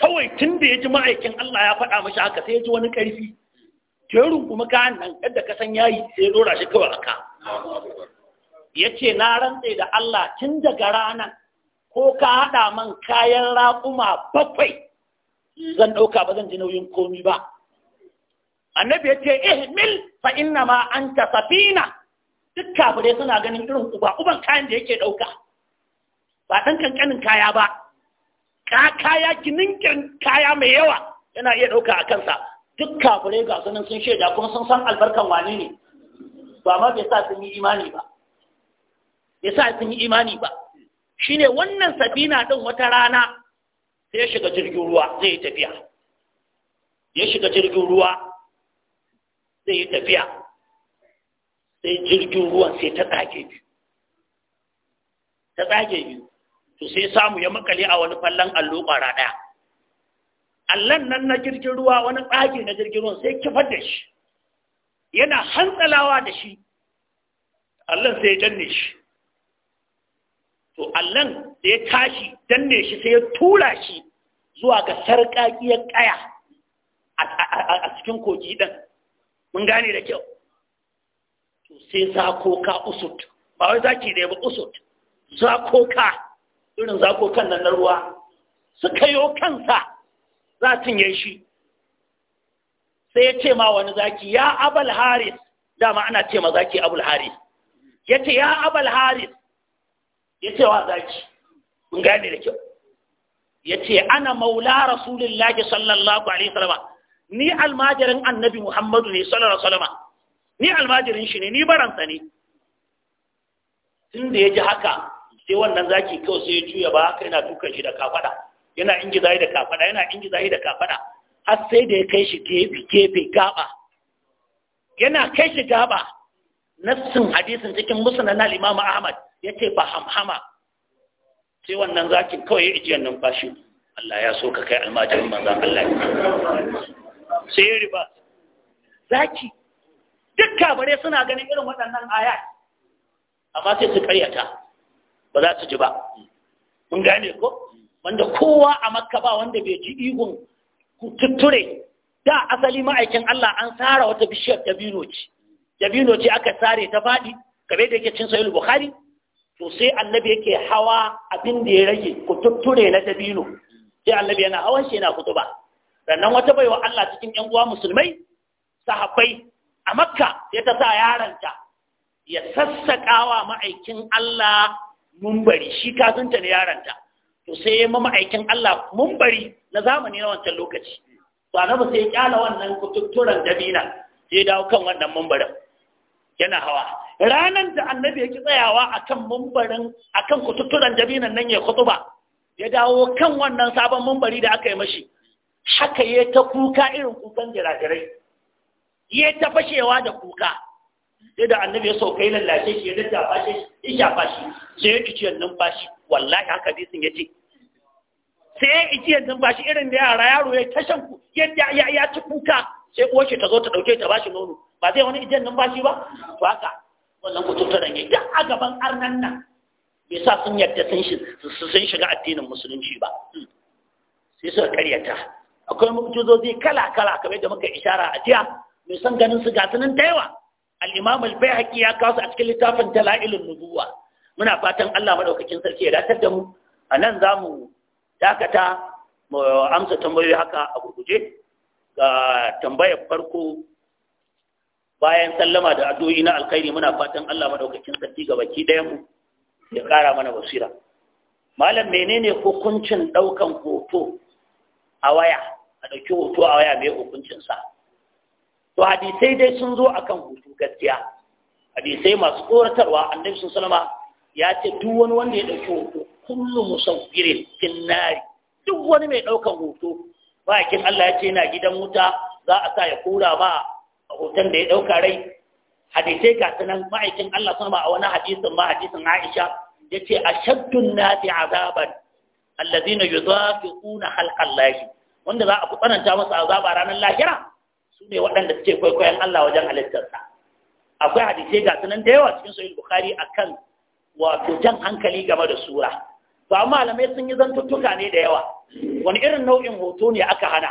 kawai tun da ya ji ma'aikin Allah ya faɗa mashi haka sai ya ji wani ƙarfi jerun kuma kayan nan yadda ka san yayi sai ya dora shi kawai aka ya ce na rantse da Allah tun daga ranar ko ka haɗa man kayan raƙuma bakwai zan ɗauka ba zan ji nauyin komi ba annabi ya ce eh mil fa inna ma an ta safina duk kafirai suna ganin irin uba uban kayan da yake ɗauka ba ɗan kankanin kaya ba ka kaya gininkin kaya mai yawa yana iya ɗauka a kansa duk kafirai ga sunan sun shaida kuma sun san albarkan wane ne ba ma bai sa sun yi imani ba ya sa sun yi imani ba shine wannan safina ɗin wata rana sai ya shiga jirgin ruwa zai yi tafiya ya shiga jirgin ruwa zai yi tafiya sai jirgin ruwan sai ta tsage biyu ta tsage biyu to sai samu ya makale a wani fallon allo ƙwara ɗaya allon nan na jirgin ruwa wani tsage na jirgin ruwan sai kifar da shi yana hantsalawa da shi allon sai ya danne shi to allan da ya tashi danne shi sai ya tura shi zuwa ga sarƙaƙiyar ƙaya a cikin kogi ɗin mun gane da kyau to sai zakoka usut ba wai zaki da ba usut zakoka irin zakokan nan na ruwa suka yi kansa za cinye shi sai ya ce ma wani zaki ya abal haris dama ana ce ma zaki abul haris ya ce ya abal haris ya ce wa zaki mun gane da kyau ya ce ana maula rasulillahi sallallahu alaihi wasallam ni almajirin annabi muhammadu ne sallallahu alaihi wasallam ni almajirin shi ne ni baransa ne tun da ya ji haka sai wannan zaki kyau sai ya juya ba haka yana dukan shi da kafada yana ingiza da kafada yana ingiza da kafada har sai da ya kai shi gefe gefe gaba yana kai shi gaba nassin hadisin cikin musnad na Imam Ahmad ya ce ba hamhama sai wannan zakin kawai ya ijiyar numfashi Allah ya so ka kai almajirin manzan Allah sai ya riba zaki duk kabare suna ganin irin waɗannan ayat amma sai su karyata ba za su ji ba mun gane ko wanda kowa a makka ba wanda bai ji ihun tutture da asali ma'aikin Allah an tsara wata bishiyar dabino ce dabino ce aka sare ta faɗi kabe da yake cin sahih bukhari to sai annabi yake hawa abin da ya rage kututture na dabino sai annabi yana hawan shi yana kutuba sannan wata baiwa Allah cikin 'yan uwa musulmai sahabbai a makka ya ta sa yaranta ya sassakawa ma'aikin Allah mumbari shi kafinta ne yaranta to sai ya ma'aikin Allah mumbari na zamani na wancan lokaci to annabi sai ya kyala wannan kututturen dabina sai ya dawo kan wannan mumbarin yana hawa ranar da annabi yake tsayawa akan mumbarin akan kututturan jabinan nan ya kutuba ya dawo kan wannan sabon mumbari da aka yi mashi haka ya ta kuka irin kukan jirajirai ya ta fashewa da kuka sai da annabi ya sauka ya lallashe shi ya fashe shi ya shafa shi sai ya nan numfashi wallahi haka disin ya ce sai ya nan numfashi irin da yara yaro ya tashan ya ci kuka sai kuwa shi ta zo ta dauke ta bashi nono ba zai wani ijen nan bashi ba to haka wannan kututturen ya duk a gaban arnan nan bai sa sun yadda sun shiga addinin musulunci ba sai suka karyata akwai mu'jizozi kala kala kamar da muka ishara a jiya mai san ganin su gasu nan da yawa al-imam al bayhaqi ya kawo su a cikin littafin dalailun nubuwa muna fatan Allah madaukakin sarki ya datar da mu anan zamu dakata mu amsa tambayoyi haka a gurguje Ga tambayar farko bayan sallama da addu'o'i na alkhairi muna fatan Allah madaukakin sarki ga baki ɗayan mu ya ƙara mana basira malam menene hukuncin ɗaukan hoto a waya a dauki hoto a waya mai hukuncin sa to hadisai dai sun zo akan hoto gaskiya hadisai masu tsoratarwa annabi sallama ya ce duk wani wanda ya ɗauki hoto kullu musawwirin finnari duk wani mai ɗaukan hoto ma'aikin Allah ya ce yana gidan wuta za a sa ya kura ba a hoton da ya ɗauka rai hadisai ga sanan ma'aikin Allah sama a wani hadisin ma hadisin Aisha ya ce a shaddun nasi azaban allazina yuzafiquna khalqallahi wanda za a fi tsananta masa azaba ranar lahira su ne waɗanda suke kwaikwayon Allah wajen halittarsa akwai hadisai ga sanan da yawa cikin sahih bukhari akan wato jan hankali game da sura to amma malamai sun yi zantuttuka ne da yawa wani irin nau'in hoto ne aka hana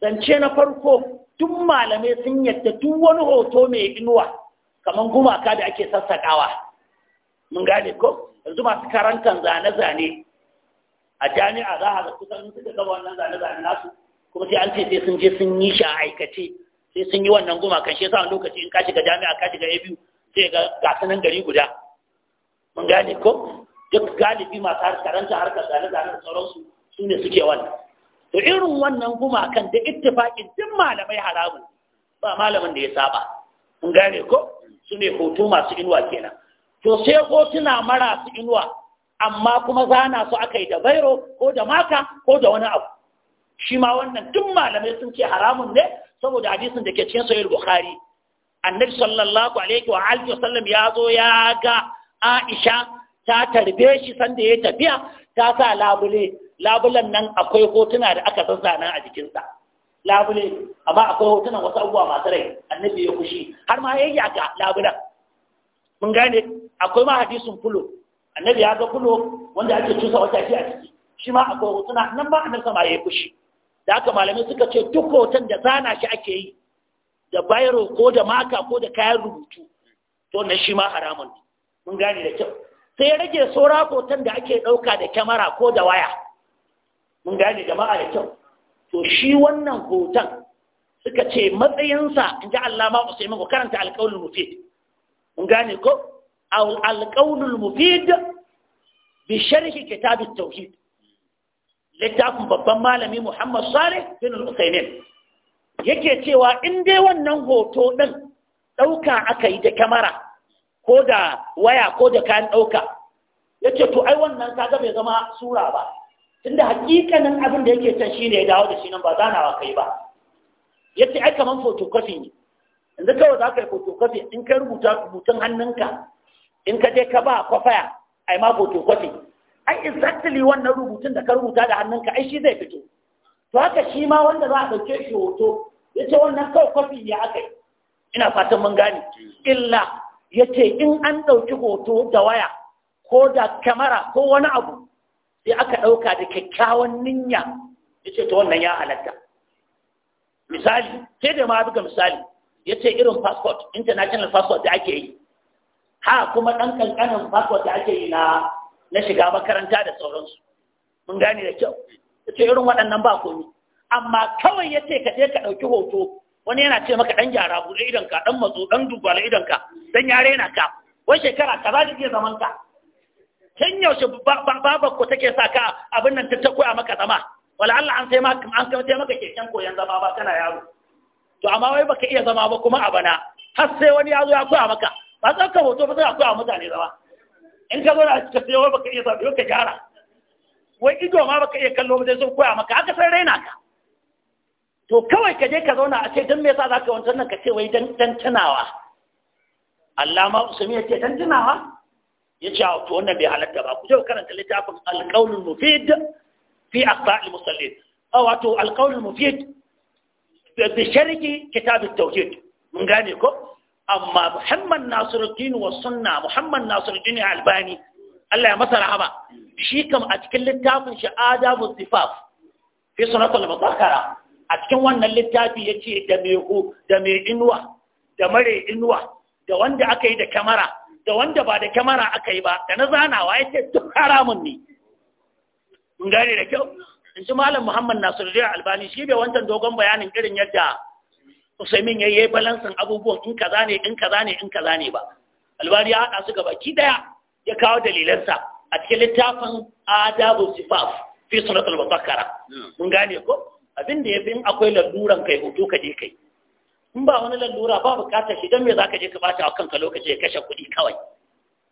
zance na farko duk malamai sun yadda duk wani hoto mai inuwa kamar gumaka da ake sassaƙawa mun gane ko yanzu masu karantar zane-zane a jami'a za a kusan suka gaba wannan zane-zane nasu kuma sai an ce sai sun je sun yi shi a aikace sai sun yi wannan gumakan shi yasa lokaci in ka shiga jami'a ka shiga abu sai ga gasunan gari guda mun gane ko duk galibi masu karanta harkar zane-zane da sauransu su ne suke wannan to irin wannan gumakan da ittifaƙin duk malamai haramun ba malamin da ya saba kun gane ko su ne hoto masu inuwa kenan to sai mara marasu inuwa amma kuma zana su aka yi da bairo ko da maka ko da wani abu shi ma wannan duk malamai sun ce haramun ne saboda hadisin da ke cikin sahih bukhari annabi sallallahu alaihi wa alihi wasallam ya zo ya ga aisha ta tarbe shi sanda ya tafiya ta sa labule labulan nan akwai hotuna da aka zazzana a jikinsa labule amma akwai hotunan wasu abubuwa masu rai annabi ya kushi har ma yayya aka labulan mun gane akwai ma hadisin fulo annabi ya ga fulo wanda ake cusa wata shi a ciki shi ma akwai hotuna nan ma annabi sama ya kushi da aka malamai suka ce duk hoton da zana shi ake yi da bayro ko da maka ko da kayan rubutu to na shi ma haramun mun gane da kyau sai rage saura hoton da ake ɗauka da kyamara ko da waya mun gane jama'a da kyau to shi wannan hoton suka ce matsayinsa in ji allama usaimin ku karanta alƙaulul mufid mun gane ko alƙaulul mufid bi sharhi kitab tauhid littafin babban malami muhammad salih bin al-usaimin yake cewa in dai wannan hoto din ɗauka akayi da kyamara ko da waya ko da kayan ɗauka ya ce to ai wannan kaga bai zama sura ba tunda hakikanin abin da yake can shine ya dawo da shi nan ba zanawa kai ba yace ai kaman photocopy ne yanzu kawai za ka yi photocopy in ka rubuta rubutun hannunka in ka je ka ba kwafaya ai ma photocopy ai exactly wannan rubutun da ka rubuta da hannunka ai shi zai fito to haka shi ma wanda za a dauke shi hoto yace wannan kawai kwafi ne aka ina fatan mun gane illa yace in an dauki hoto da waya ko da kamera ko wani abu sai aka ɗauka da kyakkyawan ninya ya ce ta wannan ya halatta misali sai da ma buga misali ya ce irin passport international passport da ake yi ha kuma ɗan ƙanƙanin passport da ake yi na na shiga makaranta da sauransu mun gane da kyau ya ce irin waɗannan ba komi amma kawai ya ce ka je ka ɗauki hoto wani yana ce maka ɗan gyara buɗe idonka, ɗan matso ɗan dubala idonka. ɗan yare na ka wai shekara ka za ka iya zaman ka tun yaushe babar take sa ka abin nan ta koya maka zama wala Allah an sai maka an sai maka keken koyan zama ba kana yaro to amma wai baka iya zama ba kuma a bana har sai wani yazo ya koya maka ba za ka hoto ba za ka koya mutane zama in ka zo da ka sai wai baka iya zama ka gyara wai ido ma baka iya kallo ba sai sun koya maka haka sai raina ka to kawai ka je ka zauna a ce dan me yasa zaka wancan nan ka ce wai dan dan Allah ma usmi ya ce dan ya ce to wannan bai halatta ba ku je karanta littafin alƙaunin mufid fi asba'il musallin a wato alƙaunin mufid da shariki kitabin tauhid mun gane ko amma muhammad nasiruddin wa sunna muhammad nasiruddin albani Allah ya masa rahama shi kam a cikin littafin shi adabu zifaf fi sunatul muzakkara a cikin wannan littafi yace da me da me inuwa da mare inuwa da wanda aka yi da kamara da wanda ba da kyamara aka yi ba da na zanawa ya ce duk haramun ne mun gane da kyau in ji malam muhammad nasiru albani shi bai wancan dogon bayanin irin yadda usaimin ya yi balansin abubuwan in kaza ne in kaza ne in kaza ne ba albani ya haɗa su gaba ki daya ya kawo dalilansa a cikin littafin adabu sifaf fi sunatul Bakara. mun gane ko abin da ya fi akwai laluran kai hoto ka je kai in ba wani lalura ba bukatar shi don me za ka je ka bata wa kanka lokaci ya kashe kuɗi kawai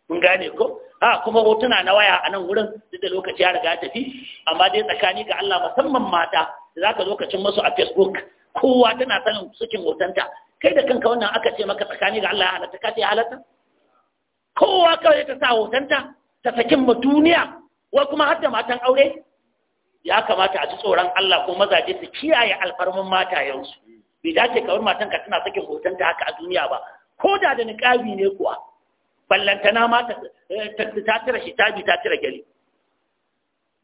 mun gane ko a kuma hotuna na waya a nan wurin duk da lokaci ya riga tafi amma dai tsakani ga Allah musamman mata da za ka lokacin masu a facebook kowa tana sanin sukin hotonta kai da kanka wannan aka ce maka tsakani ga Allah ya halatta ka ce halatta kowa kawai ta sa hotonta ta sakin ma duniya wai kuma har da matan aure ya kamata a ci tsoron Allah ko mazaje su kiyaye alfarmin matayensu bai dace matan ka tana sakin hoton ta haka a duniya ba ko da da niƙabi ne kuwa ballantana ma ta eh, ta tira shi ta bi ta tira gari.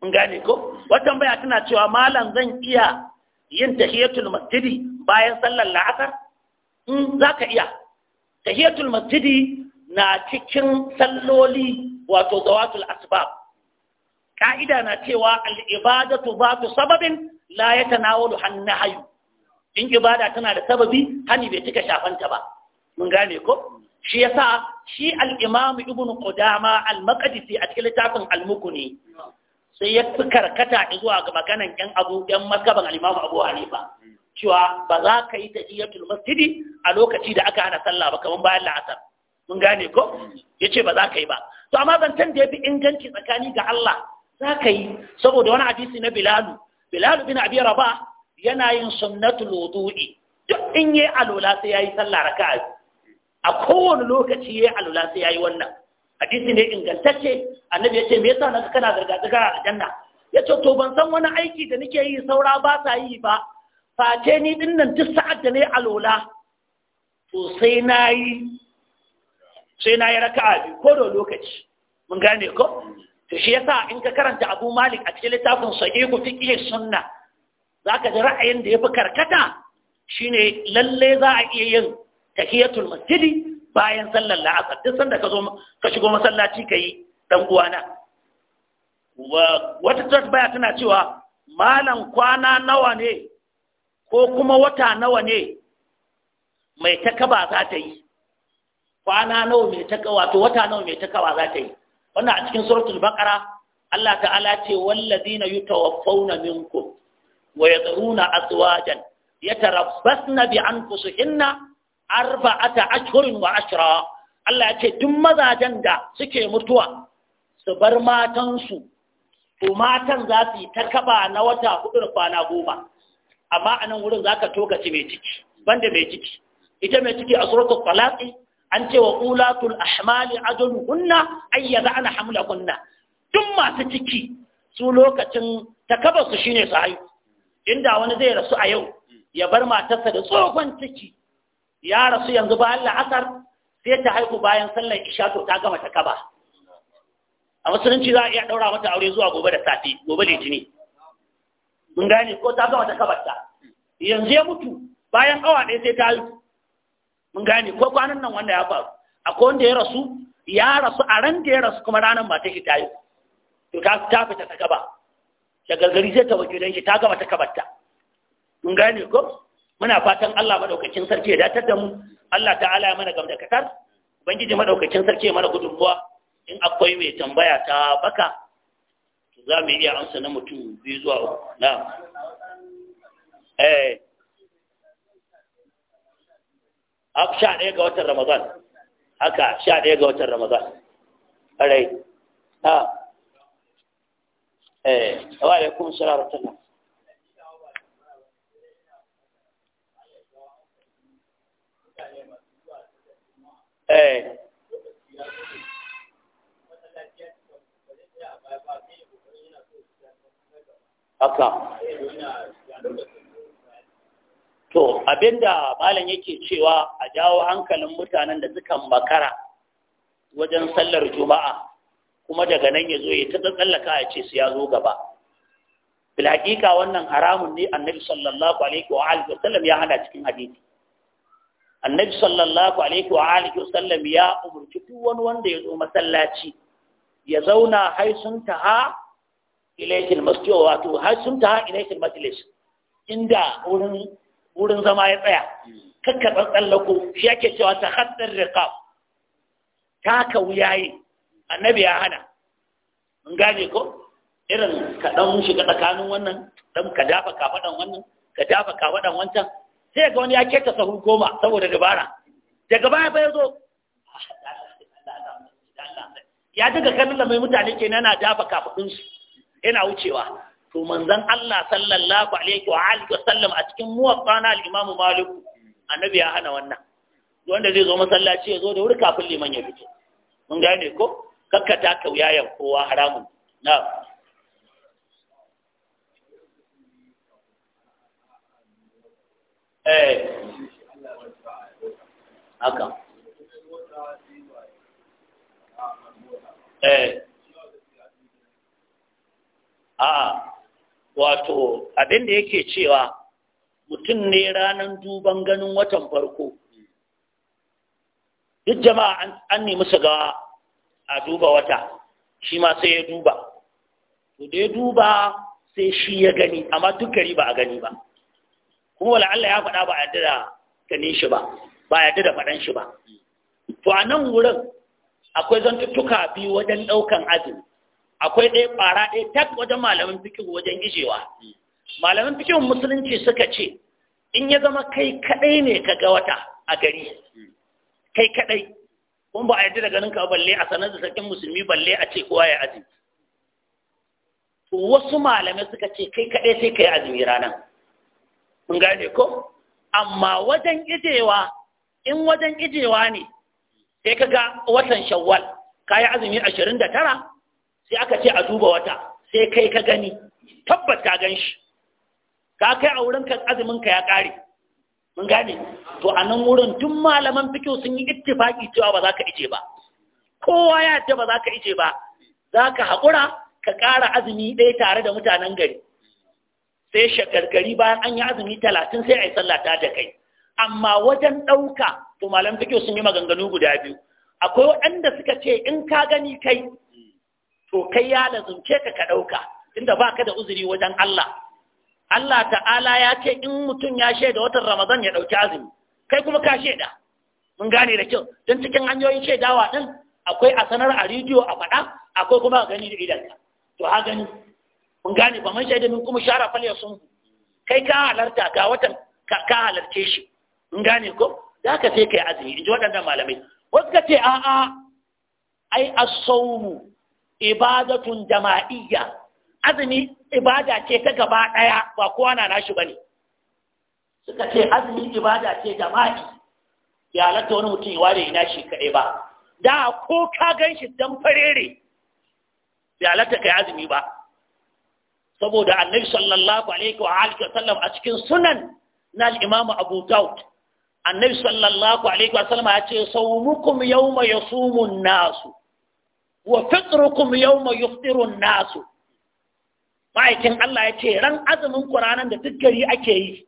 in gane ko wannan baya tana cewa malam zan iya yin tahiyatul masjidi bayan sallar la'asar in zaka iya tahiyatul masjidi na cikin salloli wato zawatul asbab ka'ida na cewa al'ibadatu zatu sababin la yatanawalu hannahayu in ibada tana da sababi hani bai cika shafanta ba mun gane ko shi yasa shi al-imam ibn qudama al-maqdisi a cikin littafin al-mukuni sai ya fi karkata zuwa ga maganan yan abu yan maskaban al-imam abu hanifa cewa ba za ka yi tahiyatul masjidi a lokaci da aka hana sallah ba kamar bayan la'asar mun gane ko yace ba za ka yi ba to amma zancen da ya fi inganci tsakani ga Allah za ka yi saboda wani hadisi na Bilalu, Bilalu bin Abi Rabah yana yin sunnatul wudu'i duk in yayi alula sai yayi sallah raka'a a kowane lokaci yayi alula sai yayi wannan hadisi ne ingantacce annabi yace me yasa naka kana gargaɗi a janna yace to ban san wani aiki da nake yi saura ba sa yi ba face ni din nan duk sa'ad da nayi alula to sai nayi sai nayi raka'a bi ko da lokaci mun gane ko to shi yasa in ka karanta Abu Malik a cikin littafin Sahihu Fiqh Sunnah za ka ji ra'ayin da ya fi karkata Shi ne lalle za a iya yin tahiyatul masjidi bayan sallar la'asar duk sanda ka zo ka shigo masallaci ka yi ɗan uwana wata baya tana cewa malam kwana nawa ne ko kuma wata nawa ne mai takaba za ta yi kwana nawa mai takaba? wato wata nawa mai takaba za ta yi wannan a cikin suratul baqara Allah ta'ala ce wallazina yutawaffawna minkum wa yad'una azwajan yatarabbasna bi anfusihinna arba'ata ashhurin wa ashra Allah ya ce duk mazajen da suke mutuwa su bar matansu to matan za su yi ta na wata hudu da kwana goma amma a nan wurin za ka tokaci mai ciki banda mai ciki ita mai ciki a suratul talaqi an ce wa ulatul ahmali ajaluhunna ana hamla hamlahunna duk masu ciki su lokacin takabarsu shine su haihu inda wani zai rasu a yau ya bar matarsa da tsohon ciki ya rasu yanzu bayan la'asar sai ta haihu bayan sallar isha to ta gama ta kaba a musulunci za a iya ɗaura mata aure zuwa gobe da safe gobe litini mun gane ko ta gama ta ta. yanzu ya mutu bayan awa ɗaya sai ta haihu mun gane ko kwanan nan wanda ya faru akwai wanda ya rasu ya rasu a ran da ya rasu kuma ranar ba take ta yi, to ta fita ta kaba daga gari zai ta wakilan shi ta gama ta kabarta mun gane ko muna fatan Allah madaukakin sarki ya datar da mu Allah ta'ala ya mana gamdakatar ubangiji madaukakin sarki ya mana gudun buwa in akwai mai tambaya ta baka za mu iya amsa na mutum biyu zuwa uku na eh ab sha ɗaya ga watan ramadan haka sha ɗaya ga watan ramadan ƙarai ha eh wa alaikum eh. to abinda malam yake cewa a jawo hankalin mutanen da suka makara wajen sallar juma'a kuma daga nan ya zo ya ta tsallaka ya ce su ya zo gaba bil haqiqa wannan haramun ne annabi sallallahu alaihi wa alihi wasallam ya hada cikin hadisi annabi sallallahu alaihi wa alihi wasallam ya umurci duk wani wanda ya zo masallaci ya zauna har sun taha ilaikin masjid wato har sun taha ilaikin majlis inda wurin wurin zama ya tsaya kakka tsallako shi yake cewa ta haddar riqab taka wuyaye annabi ya hana mun gane ko irin ka dan shiga tsakanin wannan dan ka dafa kafadan wannan ka dafa kafadan wancan sai ga wani ya keta sahu goma saboda dabara daga baya fa zo ya daga kallon mai mutane ke nana dafa kafadun su yana wucewa to manzon Allah sallallahu alaihi wa alihi wa sallam a cikin muwaffana al-Imam Malik annabi ya hana wannan wanda zai zo masallaci ya zo da wuri kafin liman ya fito mun gane ko kakka ta kauyayen kowa haramun na eh haka eh a wato abin da yake cewa mutum ne ranar duban ganin watan farko duk jama'a an nemi su gawa a duba wata shi ma sai ya duba to da ya duba sai shi ya gani amma dukkari ba a gani ba kuma wala Allah ya faɗa ba a yadda da ganin shi ba ba yadda da faɗan shi ba to a nan wurin akwai zantuttuka biyu wajen ɗaukan azumi akwai ɗaya ɓara ɗaya tak wajen malamin fikihu wajen gijewa. malamin fikihun musulunci suka ce in ya zama kai kaɗai ne ka ga wata a gari kai kaɗai kuma ba a yadda da ganin ka balle a sanar da sarkin musulmi balle a ce kowa ya azumi wasu malamai suka ce kai kaɗai sai ka yi azumi ranar mun gane ko amma wajen ijewa in wajen ijewa ne sai ka ga watan shawwal ka yi azumi ashirin da tara sai aka ce a duba wata sai kai ka gani tabbas ka gan shi ka kai a wurin azumin ka ya ƙare mun gane to a nan wurin tun malaman fikiyo sun yi ittifaki cewa ba za ka ije ba kowa ya ce ba za ka ije ba za ka haƙura ka ƙara azumi ɗaya tare da mutanen gari sai shagargari bayan an yi azumi talatin sai a yi ta da kai amma wajen ɗauka to malam fikiyo sun yi maganganu guda biyu akwai waɗanda suka ce in ka gani kai to kai ya lazumce ka ka ɗauka tunda ba ka da uzuri wajen Allah Allah ta'ala ya ce in mutum ya shaida watan Ramadan ya ɗauki azumi, kai kuma ka shaida, mun gane da kyau, don cikin hanyoyin shaidawa ɗin akwai a sanar a rediyo a faɗa, akwai kuma a gani da idanka. To ha gani, mun gane ba mun shaida min kuma shara falle sun kai ka halarta ga watan ka halarce shi, mun gane ko, za ka sai kai azumi, in ji waɗannan malamai. Wasu ka ce a'a, ai as ibadatun jama'iyya azumi ibada ce ta gaba ɗaya ba kowa na nashi ba ne suka ce azumi ibada ce jama'i ya halatta wani mutum ya ware ina shi kaɗai ba da ko ka gan shi dan farere bai halatta kai azumi ba saboda annabi sallallahu alaihi wa alihi wa sallam a cikin sunan na al-imamu abu daud annabi sallallahu alaihi wa sallam ya ce sawmukum yawma yasumun nasu wa fitrukum yawma yufṭirun nasu ma'aikin Allah ya ce ran azumin ku ranar da duk gari ake yi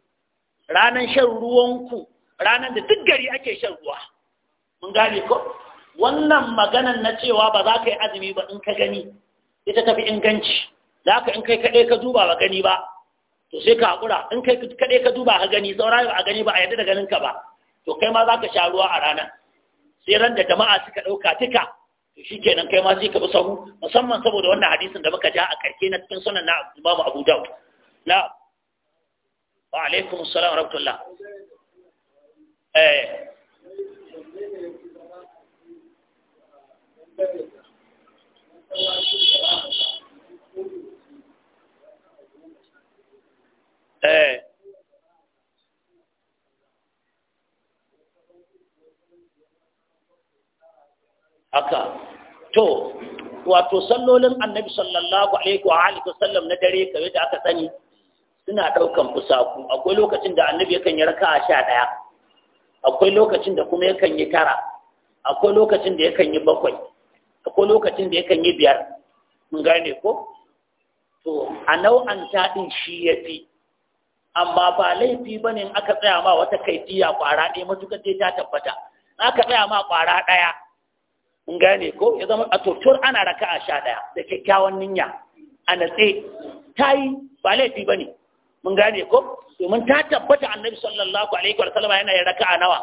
ranar shan ruwanku ranar da duk gari ake shan ruwa mun gane ko wannan maganan na cewa ba za ka yi azumi ba in ka gani ita tafi inganci za ka in kai kaɗai ka duba ba gani ba to sai ka haƙura in kai kaɗai ka duba ka gani saura ba a gani ba a yadda da ganin ka ba to kai ma za ka sha ruwa a ranar sai ran da jama'a suka ɗauka tika shi kenan kai ma sai ka sahu musamman saboda wannan hadisin da muka ja a karshe na cikin sunan na Imam Abu Dawud na wa alaikum salam wa rahmatullah eh eh haka to wato sallolin annabi sallallahu alaihi wa alihi wasallam na dare kamar da aka sani suna daukan fusaku akwai lokacin da annabi yakan yi raka'a 11 akwai lokacin da kuma yakan yi tara akwai lokacin da yakan yi bakwai akwai lokacin da yakan yi biyar mun gane ko to a nau'an din shi ya fi amma ba laifi bane ne aka tsaya ma wata kaifiya ƙwara ɗaya matuƙar ta tabbata aka tsaya ma ƙwara ɗaya gane ko ya zama a totor ana raka'a sha ɗaya da kyakkyawan niyya a natse ta yi ba laifi ba ne mun gane ko domin ta tabbata annabi sallallahu alaihi wa sallama yana yin a nawa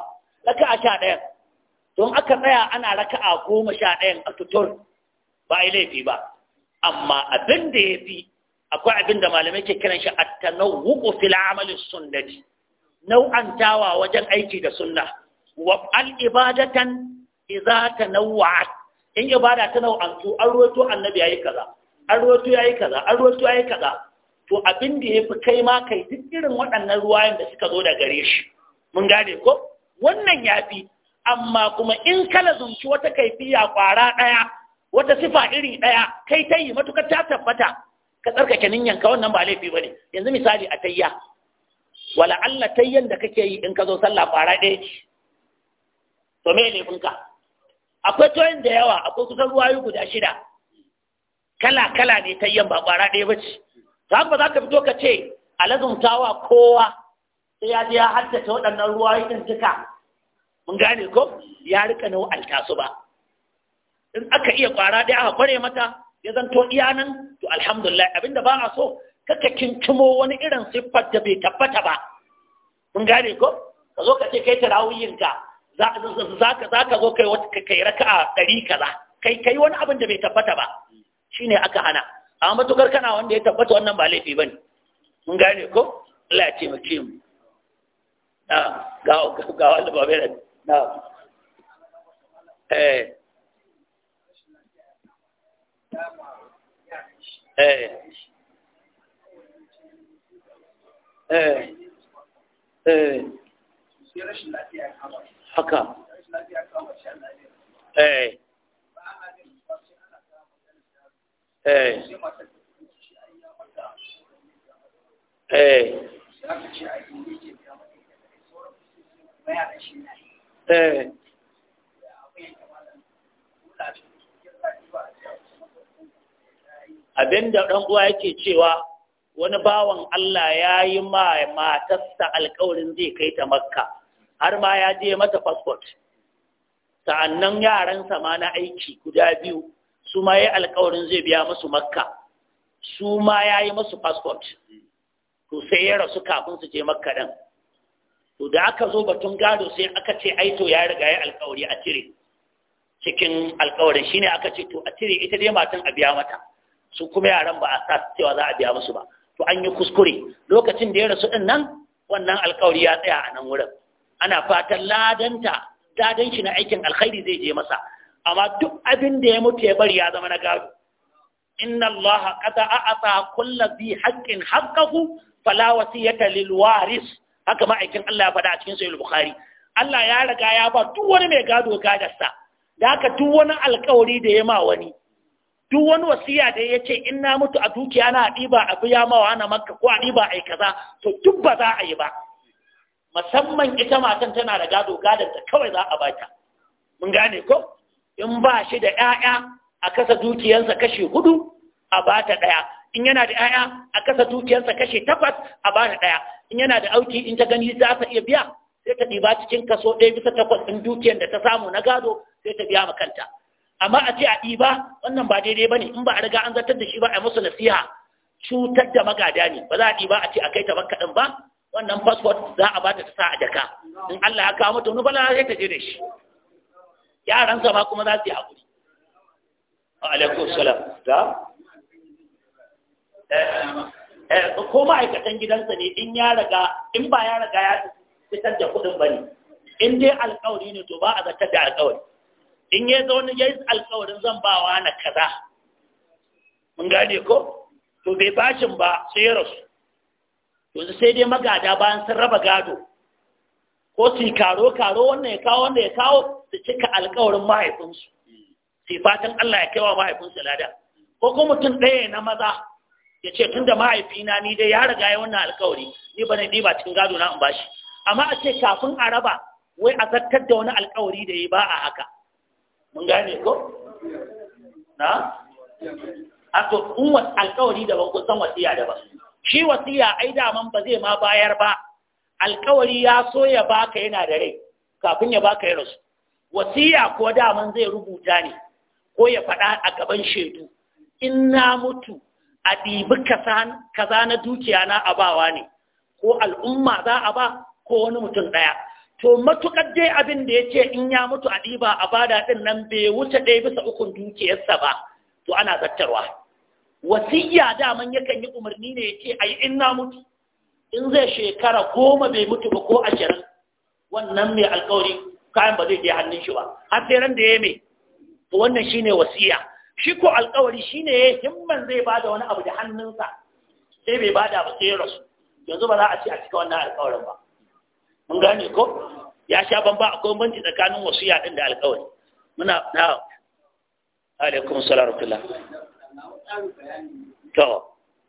raka'a sha ɗaya don aka tsaya ana raka'a goma sha a tutur ba a laifi ba amma abin da ya fi akwai abin da malamai ke kiran shi at-tanawwu fil amali sunnati nau'antawa wajen aiki da sunna wa al'ibadatan. Iza ka nawa in ibada ta nau'antu an ruwato annabi yayi kaza an ruwato yayi kaza an ruwato yayi kaza to abin da yafi kai ma kai duk irin waɗannan ruwayan da suka zo da gare shi mun gane ko wannan yafi amma kuma in kala zunci wata kaifiya kwara ɗaya wata sifa iri ɗaya kai ta yi matukar ta tabbata ka tsarkake ka wannan ba laifi bane yanzu misali a tayya wala Allah tayyan da kake yi in ka zo sallah kwara ɗaya ce to me laifinka akwai toyin da yawa akwai kusan ruwayu guda shida kala kala ne ta yamma ƙwara ɗaya bace ta haka za ka fito ka ce wa kowa sai ya je ya haddace waɗannan ruwayu ɗin duka mun gane ko ya rika wa'alta su ba in aka iya ƙwara ɗaya aka kware mata ya zanto iyanan to Abin da ba a so kaka kintumo wani irin siffar da bai tabbata ba mun gane ko ka zo ka ce kai tarawiyin za ka zo kai wata kai raka'a ɗari kaza kai kai wani abin da bai tabbata ba shine aka hana amma matukar kana wanda ya tabbata wannan ba laifi bane mun gane ko Allah ya ce mu ce mu na ga ga wanda ba bai na eh eh eh eh haka eh eh eh eh abin da ɗan uwa yake cewa wani bawan Allah ya yi ma matarsa alkawarin zai kai ta makka har ma ya je mata fasfot sa'annan yaransa ma na aiki guda biyu su ma ya alkawarin zai biya musu makka su ma ya yi musu fasfot to sai ya rasu kafin su je makka ɗin to da aka zo batun gado sai aka ce aito ya riga ya alkawari a cire cikin alkawarin shine aka ce to a cire ita dai matan a biya mata su kuma yaran ba a sa cewa za a biya musu ba to an yi kuskure lokacin da ya rasu ɗin nan wannan alkawari ya tsaya a nan wurin ana fatan ladanta ta shi na aikin alkhairi zai je masa amma duk abin da ya mutu ya bari ya zama na gado inna allaha qad a'ata kullu bi haqqin haqqahu fala wasiyata lil waris haka ma'aikin Allah ya faɗa a cikin sahih bukhari Allah ya riga ya ba duk wani mai gado gadarsa da haka duk wani alkawari da ya ma wani duk wani wasiya da ya ce in na mutu a dukiya na ba a biya mawa na makka ko a ɗiba a yi kaza to duk ba za a yi ba musamman ita matan tana da gado gadon ta kawai za a bata mun gane ko in ba shi da 'ya'ya a kasa dukiyansa kashe hudu a bata ɗaya in yana da 'ya'ya a kasa dukiyarsa kashe takwas a bata ɗaya in yana da auki in ta gani za ta iya biya sai ta ɗiba cikin kaso ɗaya bisa takwas ɗin dukiyar da ta samu na gado sai ta biya ma kanta amma a ce a ɗiba wannan ba daidai ba ne in ba a riga an zartar da shi ba a yi musu nasiha cutar da magada ne ba za a ɗiba a ce a kai ta makka ba wannan passport za a bata ta sa a jaka in Allah ya kawo mata wani bala zai ta je da shi yaransa ma kuma za su yi hakuri wa alaikum salam da eh, eh, ko ma'aikatan gidansa ne in ya raga, in ba ya raga ya fitar da kuɗin ba ne in dai alƙawari ne to ba a zartar da alƙawari in ya zo ya yi alƙawarin zan ba wa na kaza mun gane ko to bai bashin ba sai ya rasu yanzu sai dai magada bayan sun raba gado ko su karo karo wannan ya kawo wannan ya kawo su cika alkawarin mahaifinsu sai fatan Allah ya kewa mahaifinsu lada ko kuma mutum ɗaya na maza ya ce tun da mahaifina ni dai ya riga ya wannan alkawari ni ba ni ba cikin gado na in bashi amma a ce kafin a raba wai a zartar da wani alkawari da ya ba a haka mun gane ko na a to in alkawari daban kun san wasiya daban shi wasiya ai daman ba zai ma bayar ba alkawari ya so ya baka yana da rai kafin ya baka ya rasu wasiya ko daman zai rubuta ne ko ya faɗa a gaban shaidu in na mutu a ɗibi kaza na dukiya na abawa ne ko al'umma za a ba ko wani mutum ɗaya to matukar dai abin da ya ce in ya mutu a ɗiba a bada ɗin nan bai wuce ɗaya bisa ukun dukiyarsa ba to ana zattarwa wasiya daman yakan yi umarni ne ya ce a yi in na mutu in zai shekara goma bai mutu ba ko ashirin wannan mai alkawari kayan ba zai je hannun shi ba har sai ran da ya mai to wannan shine wasiyya shi ko alkawari shine ya himman zai bada wani abu da hannunsa sai bai bada ba sai rasu yanzu ba za a ce a cika wannan alkawarin ba mun gane ko ya sha bamba akwai banci tsakanin wasiya din da alkawari muna na alaikum salatu to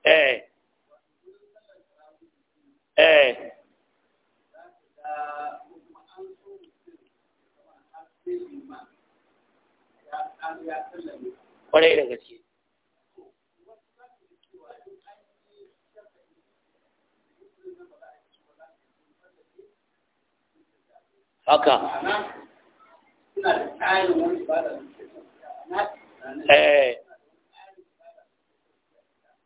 eh eh kwarai da haka eh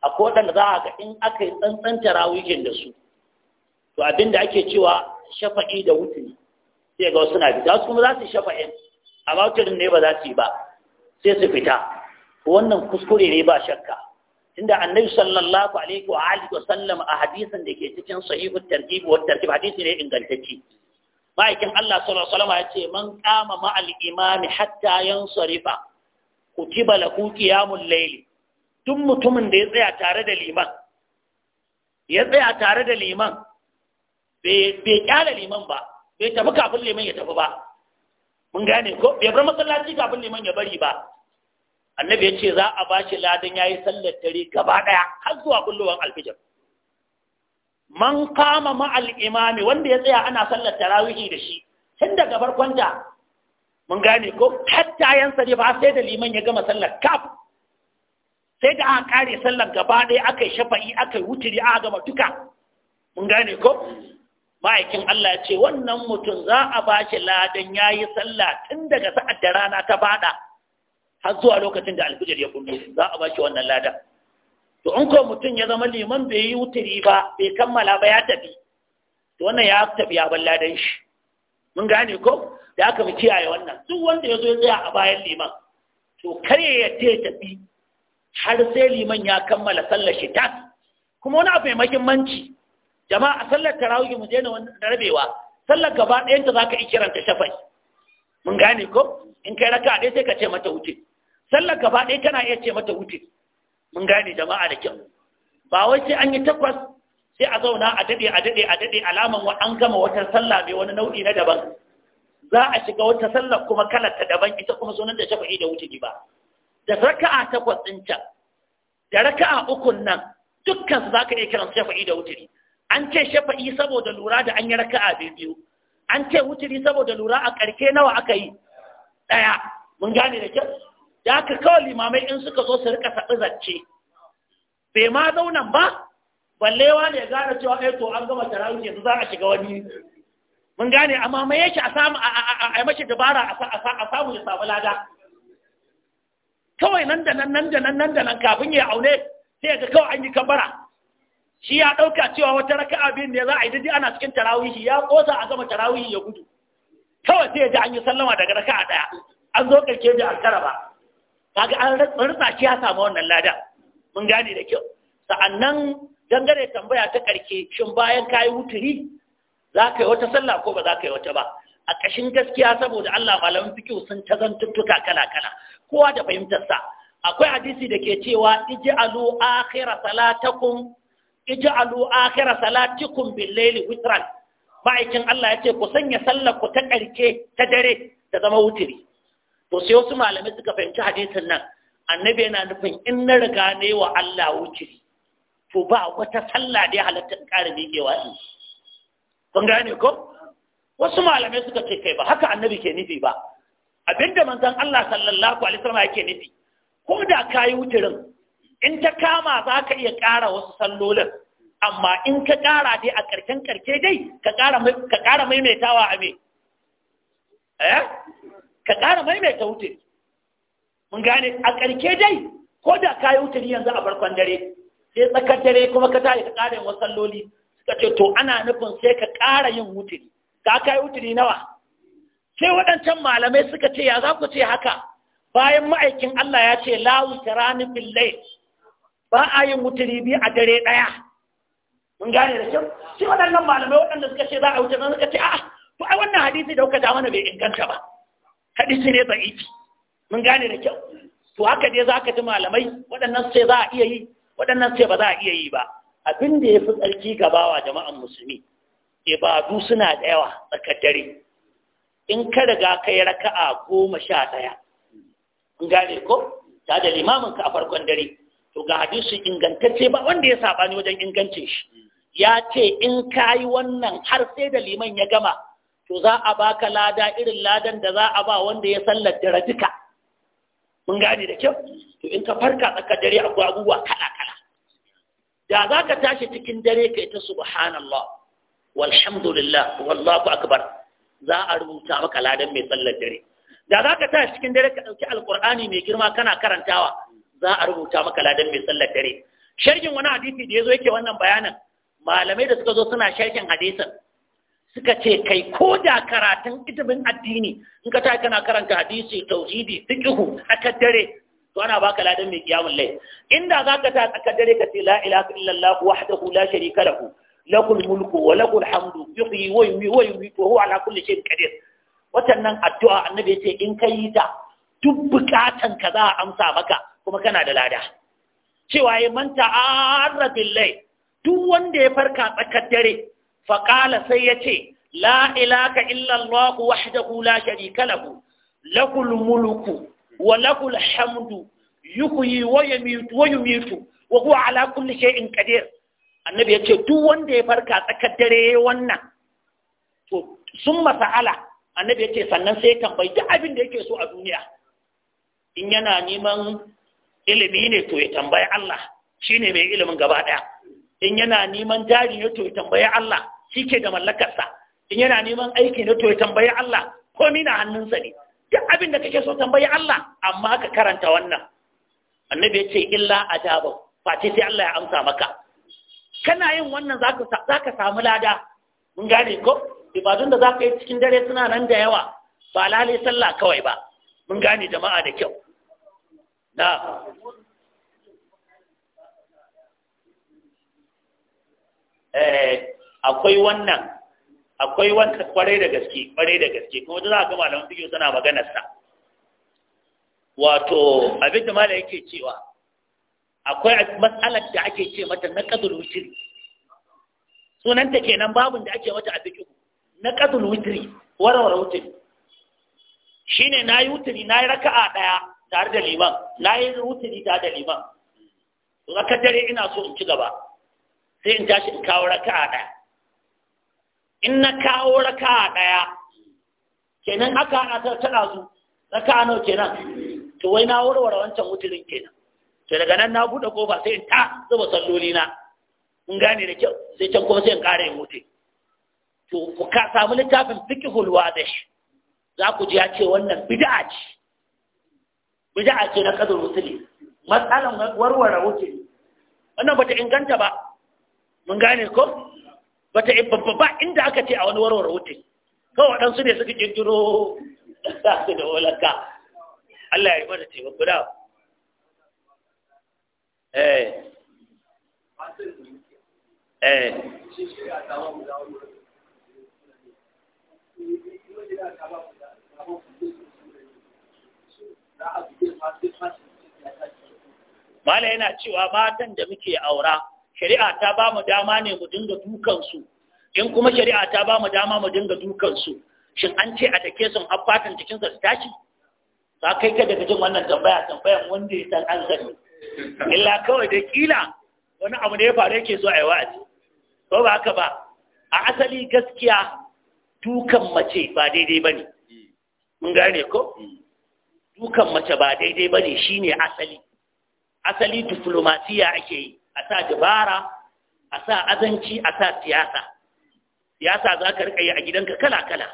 akwai waɗanda za a ga in aka yi tsantsan tarawihin da su to abinda ake cewa shafa'i da wuturi sai ga wasu na fita wasu kuma za su shafa'i. amma wuturin ne ba za su yi ba sai su fita wannan kuskure ne ba shakka Tunda annabi sallallahu alaihi wa alihi wa sallam a hadisin da ke cikin sahihu tartib wa tartib hadisi ne ingantacce ma'aikin Allah sallallahu alaihi wa ya ce man qama ma'al imami hatta yansarifa kutiba lahu qiyamul layli duk mutumin da ya tsaya tare da liman ya tsaya tare da liman bai kyala liman ba bai tafi kafin liman ya tafi ba mun gane ko bai bar masallaci kafin liman ya bari ba annabi ya ce za a ba shi ladan ya yi sallar tare gaba ɗaya har zuwa kullowar alfijir man kama ma'al imami wanda ya tsaya ana sallar tarawihi da shi tun daga da mun gane ko hatta yan ba sai da liman ya gama sallar kafin sai da aka kare sallan gaba ɗaya aka yi shafa'i aka yi wuturi aka gama duka mun gane ko ma'aikin Allah ya ce wannan mutum za a ba shi ladan ya yi sallah tun daga sa'ad da rana ta bada har zuwa lokacin da alfijir ya kullu za a ba shi wannan ladan to in ko mutum ya zama liman bai yi wuturi ba bai kammala ba ya tafi to wannan ya tafi ya bar ladan shi mun gane ko da aka mu kiyaye wannan duk wanda ya zo ya tsaya a bayan liman to kar ya yadda ya tafi har sai liman ya kammala sallar shi kuma wani abu mai mahimmanci jama'a sallar tarawih mu daina wani rabewa sallar gaba ɗayan ta zaka ikiran ta shafai mun gane ko in kai raka dai sai ka ce mata wuce sallar gaba ɗaya kana iya ce mata wuce mun gane jama'a da kyau ba wai sai an yi takwas sai a zauna a daɗe a daɗe a daɗe alaman wa an gama wata sallah mai wani nau'i na daban za a shiga wata sallar kuma kalar ta daban ita kuma sunan da shafa'i da wuce ba da raka'a takwas ɗin can da raka'a ukun nan dukkan su zaka iya kiran shafa'i da wuturi an ce shafa'i saboda lura da an yi raka'a biyu an ce wuturi saboda lura a karke nawa aka yi ɗaya mun gane da kyau da aka kawai limamai in suka zo su rika saɓi zance bai ma zaunan ba ballewa ne gane cewa ai eh, to an gama tarawih yanzu za a shiga wani mun gane amma mai yake a samu a mashi dabara a samu ya samu lada kawai nan da nan nan da nan nan da nan kafin ya aune sai ga kawai an yi kabara shi ya ɗauka cewa wata raka'a biyun ne za a yi daji ana cikin tarawihi ya ƙosa a gama tarawihi ya gudu kawai sai ya ji an yi sallama daga raka'a ɗaya an zo ƙarshe bi an ba kaga an rutsa shi ya samu wannan lada mun gane da kyau sa'annan dangare tambaya ta ƙarshe shin bayan kayi wuturi za ka yi wata sallah ko ba za ka yi wata ba a ƙashin gaskiya saboda Allah malamin fikihu sun ta kala-kala kowa da fahimtarsa akwai hadisi da ke cewa ij'alu akhira salatakum ij'alu akhira salatikum bil layli witran ma'aikin Allah ya ce ku sanya sallar ku ta karke ta dare ta zama wutiri to sai wasu malamai suka fahimci hadisin nan annabi yana nufin in na riga ne wa Allah wutiri to ba wata sallah da ya halatta in ƙara miƙewa kun gane ko wasu malamai suka ce kai ba haka annabi ke nufi ba abinda manzon Allah sallallahu alaihi wasallam yake nufi ko da kayi wuturin in ta kama za ka iya ƙara wasu sallolin amma in ka ƙara dai a ƙarshen ƙarshe dai ka ƙara maimaitawa a me eh ka ƙara maimaita wuturi mun gane a ƙarshe dai ko da ka yi wuturi yanzu a farkon dare sai tsakar dare kuma ka tashi ka ƙara yin wasu salloli suka ce to ana nufin sai ka ƙara yin wuturi ka kai wuturi nawa sai waɗancan malamai suka ce ya za ku ce haka bayan ma'aikin Allah ya ce la wutarani bil layl ba a yin wuturi biyu a dare ɗaya mun gane da kyau sai waɗannan malamai waɗanda suka ce za a wuturi suka ce a'a to ai wannan hadisi da kuka ja mana bai inganta ba hadisi ne da'ifi mun gane da kyau to haka dai zaka ji malamai waɗannan sai za a iya yi waɗannan sai ba za a iya yi ba abin da ya fi tsarki gabawa jama'an musulmi ibadu suna da yawa tsakar dare in ka riga ka yi raka'a goma sha ɗaya in gane ko ta da limamin ka a farkon dare to ga hadisi ingantacce ba wanda ya ni wajen ingancin shi ya ce in ka yi wannan har sai da liman ya gama to za a baka lada irin ladan da za a ba wanda ya sallar dare duka mun gane da kyau to in ka farka tsakar dare akwai abubuwa kala kala da za ka tashi cikin dare ka ita subhanallah walhamdulillah wallahu akbar za a rubuta maka ladan mai sallar dare da za ka tashi cikin dare ka ɗauki alƙur'ani mai girma kana karantawa za a rubuta maka ladan mai sallar dare sharhin wani hadisi da ya zo yake wannan bayanin malamai da suka zo suna sharhin hadisin suka ce kai ko da karatun ilimin addini in ka tashi kana karanta hadisi tauhidi fiqhu aka dare to ana baka ladan mai kiyamul lai inda zaka ta aka dare ka ce la ilaha illallah wahdahu la sharika lahu lakul mulku wa lakul hamdu yuhyi wa yumiitu wa yumiitu wa huwa ala kulli shay'in qadir watannan addu'a annabi ya in ka ta duk bukatan ka za a amsa maka kuma kana da lada cewa ya manta arra duk wanda ya farka tsakar dare faƙala sai ya ce la ilaha illallahu allah wahdahu la sharika lahu lakul mulku wa lakul hamdu yuhyi wa yumiitu wa huwa ala kulli shay'in qadir annabi ya ce duk wanda ya farka tsakar dare wannan to sun masa'ala annabi ya ce sannan sai ya tambayi duk abin da yake so a duniya in yana neman ilimi ne to ya tambayi Allah shi ne mai ilimin gaba ɗaya in yana neman jari ne to ya tambayi Allah shi ke da mallakarsa in yana neman aiki ne to ya tambayi Allah komi na hannunsa ne duk abin da kake so tambayi Allah amma ka karanta wannan annabi ya ce illa ajaba face sai Allah ya amsa maka kana yin wannan za ka samu lada mun gane ko ibadun da za ka yi cikin dare suna nan da yawa ba lalai sallah kawai ba mun gane jama'a da kyau na eh, akwai wannan akwai wanka kwarai da gaske kwarai da gaske kuma da za ga malamin suke suna maganarsa. wato abin da Malam yake cewa akwai matsalar da ake ce mata na wutiri sunan sunanta kenan babun da ake mata a fikihu na ƙazul witri warware Shi shine na yi wutiri na yi raka'a ɗaya tare da liman na yi wutiri tare da liman raka dare ina so in ci gaba sai in tashi in kawo raka'a ɗaya in na kawo raka'a ɗaya kenan aka ana ta tana zu raka'a nawa kenan to wai na warware wancan wutirin kenan to daga nan na bude kofa sai in ta zuba salloli na in gane da kyau sai can kuma sai in kare in wuce to ku ka samu littafin fiqhul wadish za ku ji ya ce wannan bid'a ce bid'a ce na kadar musulmi matsalan warware wuce wannan bata inganta ba mun gane ko bata ba inda aka ce a wani warware wuce kawai waɗansu ne suka kirkiro da [laughs] su da walaka Allah ya yi mana taimako da ẹ eh. eh. Mala yana cewa matan da muke aura, shari'a ta ba mu dama ne mu dinga dukansu, in kuma shari'a ta ba mu dama mu dinga dukansu, shin an ce a take sun haffatan cikinsa su tashi? Za kai ka daga jin wannan tambaya tambayan wanda ya san an sani. illa kawai da kila wani abu ne ya faru yake so a yi wa'azi ko ba haka ba a asali gaskiya dukan mace ba daidai ba ne mun gane ko dukan mace ba daidai ba ne shi ne asali asali diflomasiya ake yi a sa dabara a sa azanci a sa siyasa siyasa za ka rika yi a gidanka kala-kala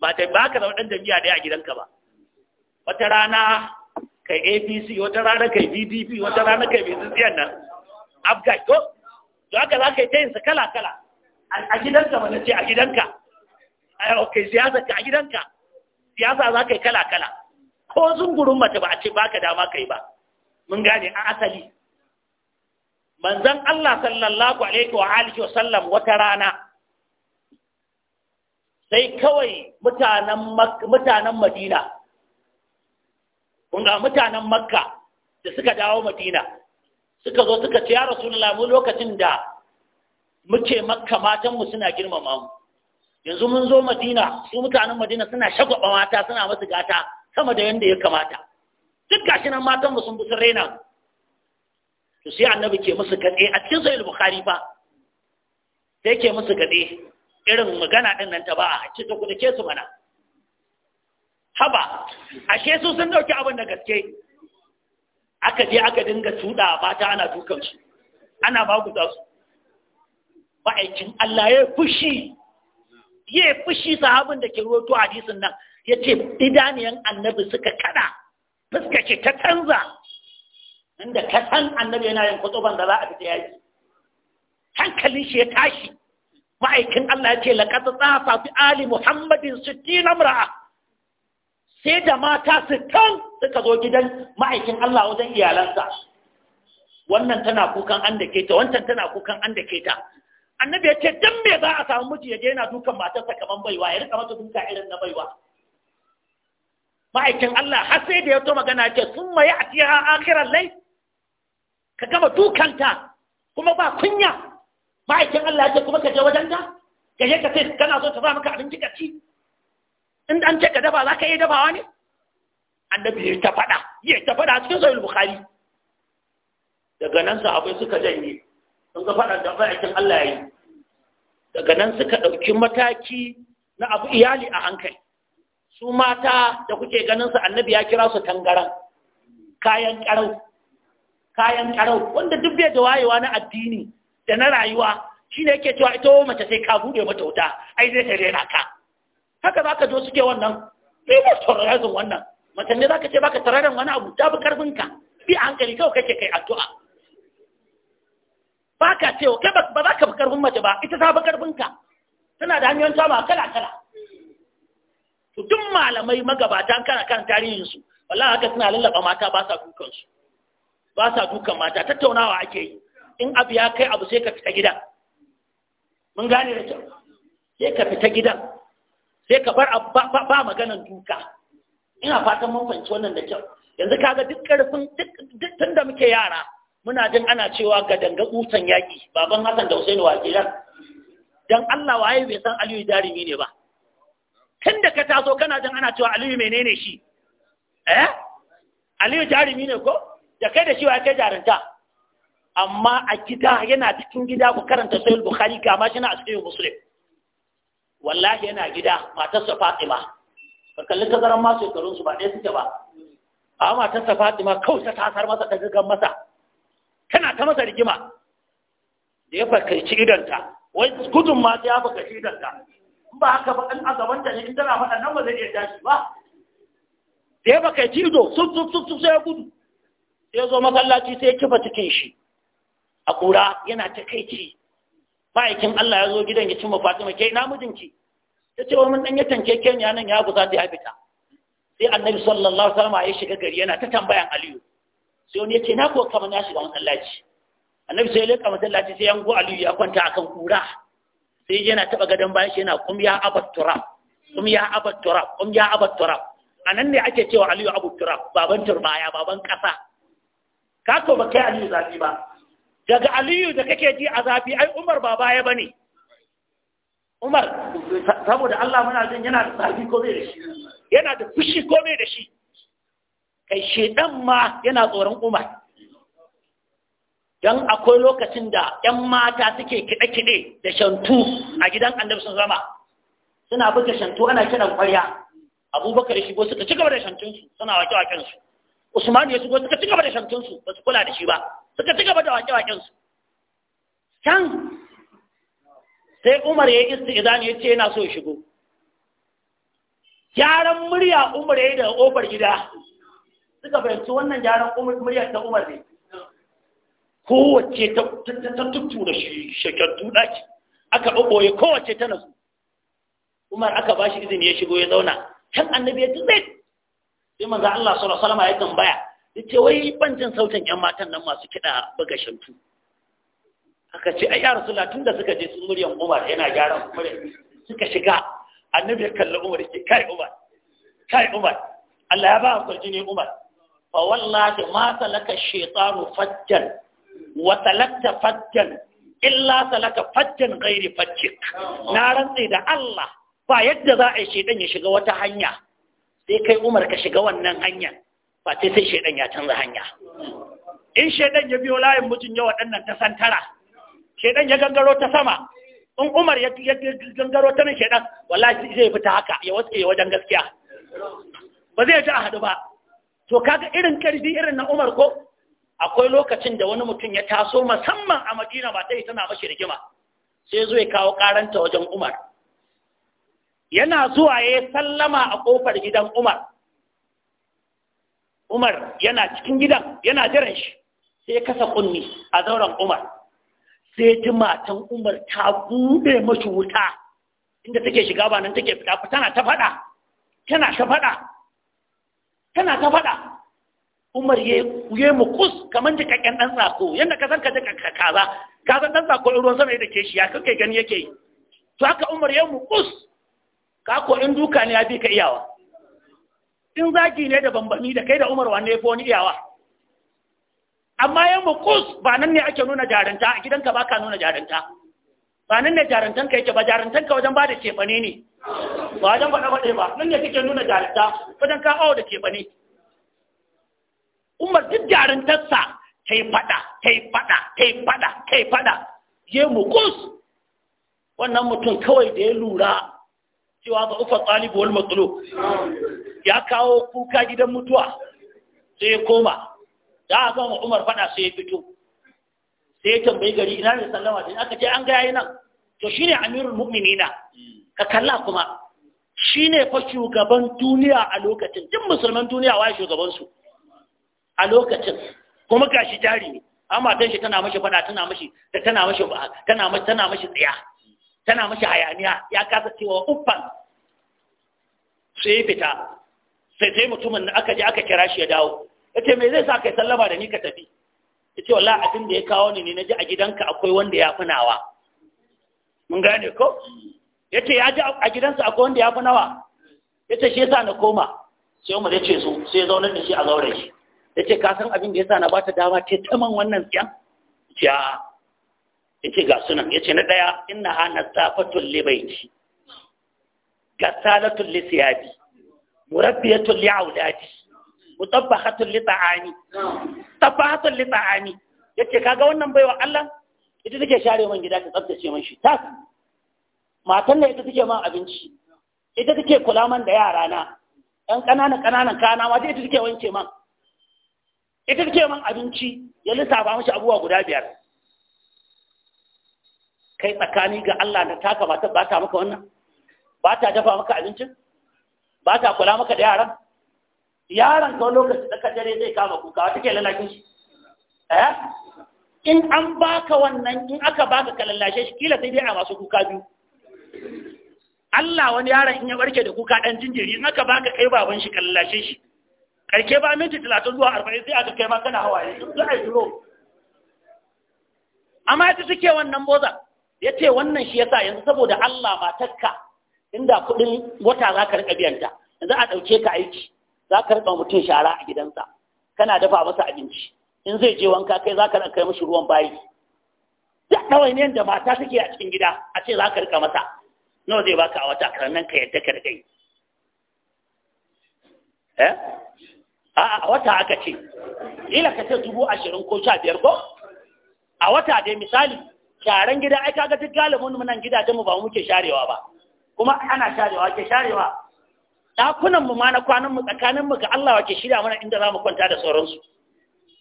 ba ta ba ka zama ɗan jami'a ɗaya a gidanka ba wata rana kai apc wata rana kai pdp wata rana kai mai tsintsiyar nan abga ko to haka za ka yi tayinsa kala kala a gidanka mana ce a gidanka ok siyasa ka a gidanka siyasa za ka yi kala kala ko zungurin mata ba a ce baka dama kai ba mun gane a asali manzon Allah sallallahu alaihi wa alihi wa sallam wata rana sai kawai mutanen Madina kun ga mutanen makka da suka dawo madina suka zo suka ce ya rasulullah mu lokacin da muke makka matanmu suna girmama mu yanzu mun zo madina su mutanen madina suna shagwaba mata suna masu gata sama da yadda ya kamata duk gashi nan mu sun bi raina to sai annabi ke musu kade a cikin sahih bukhari fa sai ke musu kaɗe irin magana din nan ta ba a ci ta kuɗa ke su mana haba ashe su sun dauki abin da gaske aka je aka dinga tuda mata ana dukan su ana maguza su ma'aikin Allah ya fushi ya fushi sahabin da ke roto hadisin nan ya ce idaniyan annabi suka kada fuska ce ta canza inda ka san annabi yana yin kwatsoban da za a fita yaki hankalin shi ya tashi ma'aikin Allah ya ce laƙasa tsafa fi ali muhammadin sittin amra'a sai da mata kan suka zo gidan ma'aikin Allah wajen iyalansa wannan tana kukan an da keta wancan tana kukan an da keta annabi ya ce dan me za a samu miji ya je yana dukan matarsa kaman baiwa ya rika mata duka irin na baiwa ma'aikin Allah har sai da ya to magana ce sun maye a tiya akhirar lai ka gama dukanta kuma ba kunya ma'aikin Allah ya ce kuma ka je wajen ta ka je ka sai kana so ta ba maka abinci ka ci in an ce ka dafa za ka iya dafawa ne annabi ya ta faɗa ya ta faɗa cikin sahih bukhari daga nan abai suka janye sun ga faɗa da bayakin Allah ya yi daga nan suka ɗauki mataki na abu iyali a hankali su mata da kuke ganin su annabi ya kira su tangaran kayan karau kayan karau wanda duk bai da wayewa na addini da na rayuwa shine yake cewa ita mace sai ka bude mata wuta ai zai ta rena ka haka za ka zo suke wannan bi ba terrorism wannan mutum ne za ka ce baka terrorism wani abu ta fi karfin ka bi hankali kawai kake kai addu'a ba ka ce kai ba za ka fi karfin mace ba ita ta fi karfin ka tana da hanyoyin tama kala kala to duk malamai magabatan kana kan tarihin su wallahi haka suna lallaba mata ba sa dukan su ba sa dukan mata tattaunawa ake yi in abu ya kai abu sai ka fita gidan mun gane da kyau sai ka fita gidan sai ka bar ba maganan duka ina fatan mun fahimci wannan da kyau yanzu kaga duk karfin duk tunda muke yara muna jin ana cewa ga danga kusan yaki baban Hassan da Hussein wa kenan dan Allah waye bai san Aliyu jarumi ne ba tunda ka taso kana jin ana cewa Aliyu menene shi eh Aliyu jarumi ne ko da kai da shi wa kai jarinta. amma a gida yana cikin gida ku karanta sahih bukhari ga ma shi na sahih muslim wallahi yana gida matarsa Fatima Ba kalli tazaran ma shekarun su ba ɗaya suke ba a matarsa Fatima kawai ta tasar masa ta gagan masa tana ta masa rigima da ya fakaici idanta wai gudun ma ta ya ci idanta in ba haka ba ɗan a gabanta ne in tana faɗa nan ba zai iya tashi ba da ya fakaici ido sun sun sun sun sai ya gudu sai ya zo masallaci sai ya kifa cikin shi a kura yana ta kai ci ma'aikin Allah ya zo gidan ya cimma Fatima ke ina mijinki ta ce wa mun dan ya tanke ke ni nan ya buza da ya fita sai annabi sallallahu alaihi wasallam ya shiga gari yana ta tambayan Aliyu sai wani ya ce na ko kamar na shiga masallaci annabi sai ya leka masallaci sai yango Aliyu ya kwanta akan kura sai yana taba gadon bayan shi yana kum ya abat turab kum ya abat kum ya abat anan ne ake cewa Aliyu abu turab baban turbaya baban kasa ka to ba kai Aliyu zafi ba daga aliyu da kake ji a zafi ai umar ba baya ba ne umar saboda allah muna jin yana da zafi ko bai da shi yana da fushi ko bai da shi kai shedan ma yana tsoron umar don akwai lokacin da 'yan mata suke kide-kide da shantu a gidan annabi sun zama suna buga shantu ana kiran kwarya abubakar shigo suka ci gaba da shantunsu suna wake-wakensu usman ya shigo suka ci gaba da shantunsu ba su kula da shi ba suka ci gaba da waƙe su. can sai umar ya yi isti'izani ya ce yana so shigo gyaran murya umar ya yi da ƙofar gida suka fahimci wannan gyaran murya ta umar ne kowace ta tuttura shakartu ɗaki aka ɓoɓoye kowace ta nasu umar aka ba shi izini ya shigo ya zauna can annabi ya tuzai sai manzo Allah sallallahu alaihi wasallam ya tambaya yace wai ban jin sautin yan matan nan masu kiɗa buga shantu aka ce ai ya rasulullah tun da suka je sun muryan umar yana gyara umar suka shiga annabi kalla umar yake kai umar kai umar Allah ya ba ku jini umar fa wallahi ma salaka shaytanu fajjan wa salakta fajjan illa salaka fajjan ghairi fajjik na rantsi da Allah ba yadda za a yi shedan ya shiga wata hanya sai kai umar ka shiga wannan hanyar ba sai sai shaidan ya canza hanya in shaidan ya biyo layin mutum ya waɗannan ta santara shaidan ya gangaro ta sama in umar ya gangaro ta nan shaidan wallahi zai fita haka ya wasu ya wajen gaskiya ba zai ji a haɗu ba to kaga irin karfi irin na umar ko akwai lokacin da wani mutum ya taso musamman a madina ba ta yi tana mashi rigima sai zo ya kawo karanta wajen umar yana zuwa ya sallama a kofar gidan umar Umar yana cikin gidan yana jiran shi sai ya kasa kunni a zauren Umar sai ji matan Umar ta bude mashi wuta inda take shiga ba nan take fita tana ta fada tana ta fada tana ta fada Umar ya yi mukus kamar jikakken ɗan tsako yadda ka san ka kaza ka san dan tsako ruwan sama yake ke shi ya kake gani yake yi to haka Umar ya mukus ka ko in duka ne ya bi ka iyawa in zagi ne da bambami da kai da Umar wanne yafi wani iyawa amma yan mukus ba nan ne ake nuna jarinta? a gidanka ba ka nuna jarinta? ba nan ne jarantan ka yake ba jarantan ka wajen ba da cefane ne ba wajen ba faɗe ba nan ne kake nuna jarinta wajen ka awo da kefane? Umar duk jarantarsa ta yi faɗa ta yi fada ta yi fada ta yi fada ya mukus wannan mutum kawai da ya lura cewa ba ufa tsalibu wal matsalo ya kawo kuka gidan mutuwa sai ya koma da aka ga umar fada sai ya fito sai ya tambayi gari ina ne sallama din aka ce an ga yayi nan to shine amirul mu'minina ka kalla kuma shine fa shugaban duniya a lokacin din musulman duniya waye shugaban su a lokacin kuma gashi jari ne amma dan shi tana mashi fada tana mashi da tana mashi tana mashi tana mashi tsiya tana mashi hayaniya ya kasa cewa uffan sai fita sai sai mutumin aka ji aka kira shi ya dawo yace me zai sa kai sallama da ni ka tafi yace wallahi abin da ya kawo ni ne naji a gidanka akwai wanda ya fi nawa mun gane ko yace ya ji a gidansa akwai wanda ya fi nawa yace shi yasa na koma sai Umar yace su sai ya zaunar da shi a zaure shi yace ka san abin da yasa na bata dama ce ta man wannan tsiyan yace a yace ga sunan yace na daya inna hana safatul libaiti gasalatul lisiyabi murabbiyatun li auladi mutabbahatun li ta'ani tabbahatun li ta'ani yace kaga wannan baiwa Allah ita take share man gida ta tsaftace man shi tas matan da ita take man abinci ita take kula man da yara na ɗan ƙananan ƙananan kana ma ita take wanke man ita take man abinci ya lissafa mashi abubuwa guda biyar kai tsakani ga Allah da taka ba ta ba ta maka wannan ba ta dafa maka abincin ba ta kula maka da yaran yaran ka lokacin da dare zai kama kuka wata ke shi eh in an baka wannan in aka baka ka lallashe shi kila sai dai a masu kuka biyu Allah wani yaron in ya barke da kuka dan jinjiri in aka baka kai baban shi ka lallashe shi karke ba minti 30 zuwa 40 sai aka kai ma kana hawaye duk ai duro amma ita suke wannan boza yace wannan shi yasa yanzu saboda Allah takka. inda kuɗin wata za ka riƙa biyanta yanzu a ɗauke ka aiki za ka riƙa mutum shara a gidansa kana dafa masa abinci in zai je wanka kai za ka riƙa kai mashi ruwan bayi kawai ne da mata suke a cikin gida a ce za ka riƙa masa nawa zai baka a wata nan ka yadda ka riƙa yi eh a wata aka ce ila ka ce dubu ashirin ko sha biyar ko a wata dai misali sharan gida ai kaga duk galibin mu nan gidajen mu ba muke sharewa ba kuma ana sharewa ke sharewa dakunan mu ma na kwanan mu tsakanin mu ga Allah wake shirya mana inda zamu kwanta da sauransu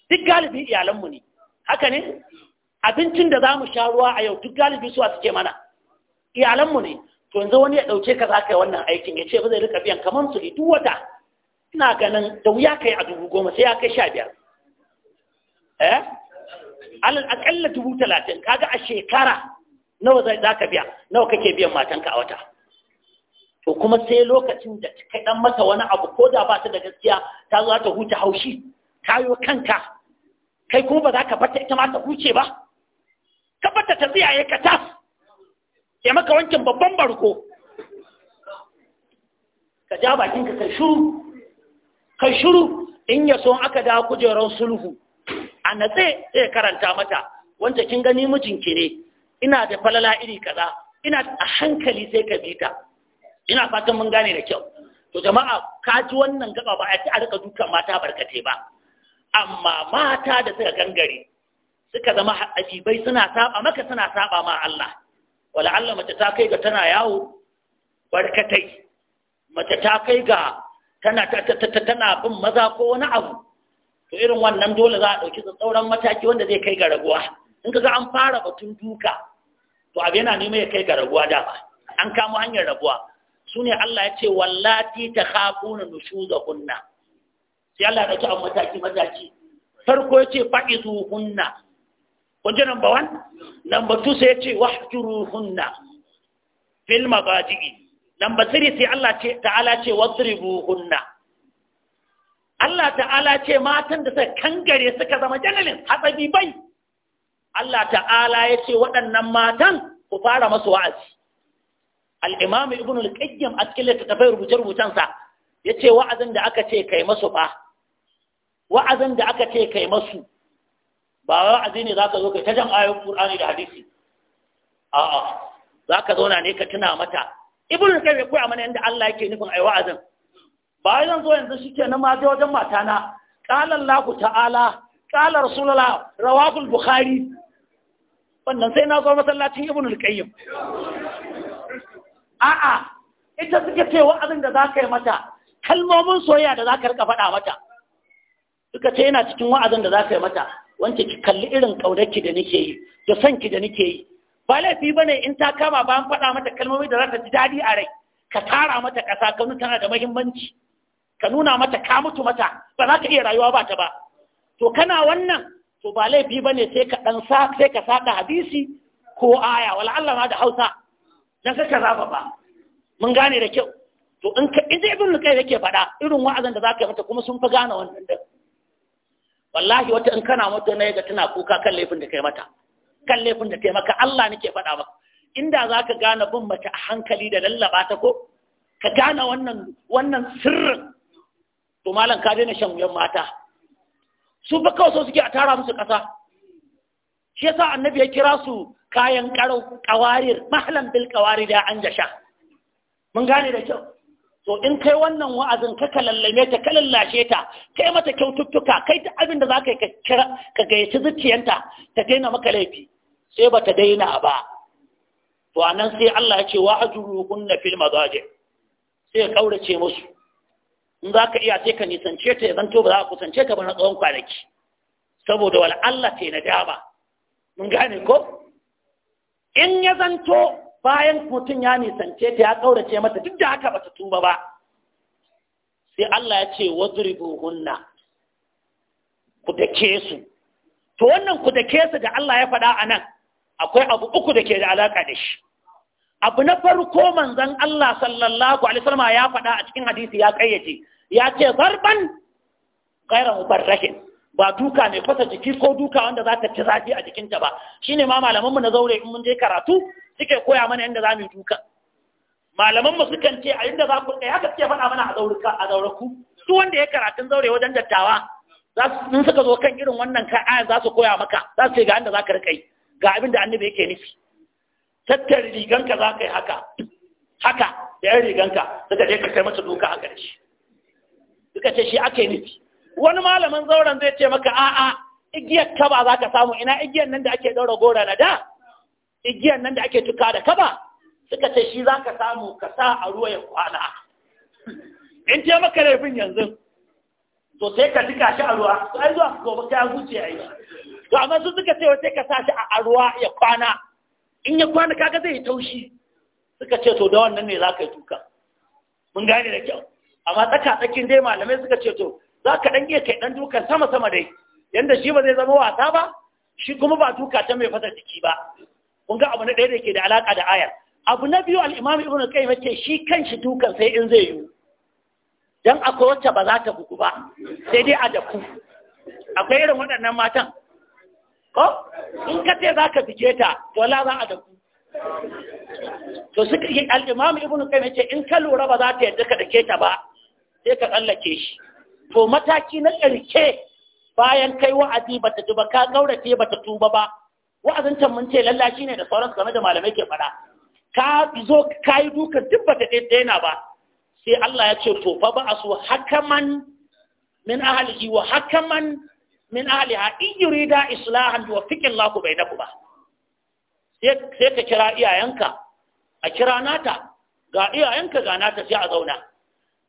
duk galibi iyalan mu ne haka ne abincin da zamu sha ruwa a yau duk galibi su suke mana iyalan mu ne to yanzu wani ya dauke ka zaka yi wannan aikin ya ce ba zai rika biyan kamar su duk wata ina ganin da wuya kai a dubu goma sai ya kai sha biyar eh alal akalla dubu talatin kaga a shekara nawa zai zaka biya nawa kake biyan matanka a wata to kuma sai lokacin da kai dan mata wani abu ko da ba ta da gaskiya ta zo ta huce haushi ta yi kanka kai kuma ba za ka bata ita ma ta huce ba ka bata ta tsiyaye ka tas ya maka wankin babban barko ka ja bakin ka kai shuru kai shuru in ya so aka da kujerar sulhu a natse sai karanta mata wanda kin gani mijinki ne ina da falala iri kaza ina a hankali sai ka bi ta ina fatan mun gane da kyau to jama'a ka ji wannan gaba ba a ci a rika dukan mata barkate ba amma mata da suka gangare suka zama haɗabibai suna saba maka suna saba ma Allah wala Allah mace ta kai ga tana yawo barkatai mace ta kai ga tana tana bin maza ko wani abu to irin wannan dole za a ɗauki tsauran mataki wanda zai kai ga raguwa in ka ga an fara batun duka to abu yana neman ya kai ga raguwa dama an kamo hanyar raguwa sune Allah ya ce wallati takhafuna nushuzahunna sai Allah ya dauki a mataki mataki farko ya ce fa'izuhunna kun kunje number 1 number 2 sai ya ce Filma fil jiki. number 3 sai Allah ce ta'ala ce kunna. Allah ta'ala ce matan da suka kangare suka zama janalin hatsabi bai Allah ta'ala ya ce waɗannan matan ku fara masu wa'azi al-imam ibn al-qayyim a cikin littattafai rubuce-rubucen sa yace wa'azin da aka ce kai masu ba wa'azin da aka ce kai masu ba wa'azi ne zaka zo kai ta jam'ayoyin qur'ani da hadisi a'a zaka zauna ne ka tuna mata ibn al-qayyim ya koya mana yanda Allah yake nufin ai wa'azin ba zan zo yanzu shike na ma je wajen matana qala Allah ta'ala qala rasulullah rawahu bukhari wannan sai na zo masallacin ibn al-qayyim a'a ita suka ce wa'azin da za ka yi mata kalmomin soyayya da za ka rika faɗa mata suka ce yana cikin wa'azin da za ka yi mata wance ki kalli irin ƙaunarki da nake yi da son ki da nake yi ba laifi ba ne in ta kama bayan faɗa mata kalmomi da za ta ji daɗi a rai ka tara mata ƙasa ka nuna tana da muhimmanci. ka nuna mata ka mutu mata ba za ka iya rayuwa ba ta ba to kana wannan to ba laifi ba ne sai ka ɗan sa sai ka saka hadisi ko aya wala Allah ma da Hausa dan ka zaba ba mun gane da kyau to in ka in ibn kai yake faɗa irin wa'azin da zaka yi mata kuma sun fa gane wannan din wallahi wata in kana mata ne ga tana kuka kan laifin da kai mata kan laifin da kai maka Allah nake faɗa maka inda zaka gane bin mace a hankali da lallaba ta ko ka gane wannan wannan sirrin to malam ka daina shan wuyan mata su ba kawai so suke a tara musu kasa shi yasa annabi ya kira su kayan karo kawarir mahalan bil kawari da an jasha mun gane da kyau to in kai wannan wa'azin ka kalallame ta kalallashe ta kai mata kyaututtuka kai ta abin da zaka ka kira ka gayyaci zuciyanta ta daina maka laifi sai ba ta daina ba to anan sai Allah ya ce wa'ajuru kunna fil mazaji sai ya kaurace musu in za ka iya sai ka nisance ta ya zanto ba za ka kusance ta ba na tsawon kwanaki saboda wal Allah ta na dama mun gane ko in ya zanto bayan mutum ya nisance ta ya ƙaurace mata duk da haka bata tuba ba sai Allah ya ce wadribu hunna ku dake su to wannan ku dake su da Allah ya faɗa a nan akwai abu uku da ke da alaƙa da shi abu na farko manzon Allah sallallahu alaihi wasallam ya faɗa a cikin hadisi ya kayyace ya ce zarban ghayra mubarrahin ba duka mai fasa jiki ko duka wanda za ka ci zafi a jikinta ba Shi ne ma malamanmu na zaure in mun je karatu suke koya mana yadda za mu yi duka malamanmu sukan ce a inda za ku ɗaya eh, ka ce faɗa mana a zaurika a zauraku wanda ya karatun zaure wajen dattawa za su suka zo kan irin wannan kan aya za su koya maka za su ce ga inda za ka rika yi ga abin da annabi yake nufi tattara riganka za ka yi haka haka da yan riganka suka je ka kai mata doka a ƙarshe suka ce shi ake nufi wani malamin zauren zai ce maka a'a igiyar kaba za ka samu ina igiyar nan da ake ɗaura gora na da igiyar nan da ake tuka da kaba suka ce shi za ka samu ka sa a ruwa ya kwana in ce maka laifin yanzu to sai ka duka shi a ruwa to ai zuwa gobe ka huce ai to amma su suka ce sai ka sa shi a ruwa ya kwana in ya kwana kaga zai taushi suka ce to da wannan ne za ka yi tuka mun gane da kyau amma tsaka tsakin dai malamai suka ce to za ka ɗan iya kai ɗan dukan sama-sama dai yadda shi ba zai zama wasa ba shi kuma ba duka ta mai fasa ciki ba kun ga abu na ɗaya da ke da alaƙa da ayar abu na biyu al'imam ibn kai mace shi kan shi dukan sai in zai yi don akwai wacce ba za ta bugu ba sai dai a daku akwai irin waɗannan matan ko in ka ce za ka fice ta to la za a daku to suka yi al'imam ibn kai mace in ka lura ba za ta yadda ka dake ta ba sai ka tsallake shi to mataki na ƙarshe bayan kai wa'azi ba ta ba ka gaurace ba ta tuba ba wa'azin can mun ce lallashi ne da sauransu game da malamai ke faɗa ka zo ka yi duka duk ba ta daina ba sai Allah ya ce to fa ba asu hakaman min ahlihi wa hakaman min ahliha in yurida islahan yuwaffiqu Allahu bainakuma ba. sai ka kira iyayenka a kira nata ga iyayenka ga nata sai a zauna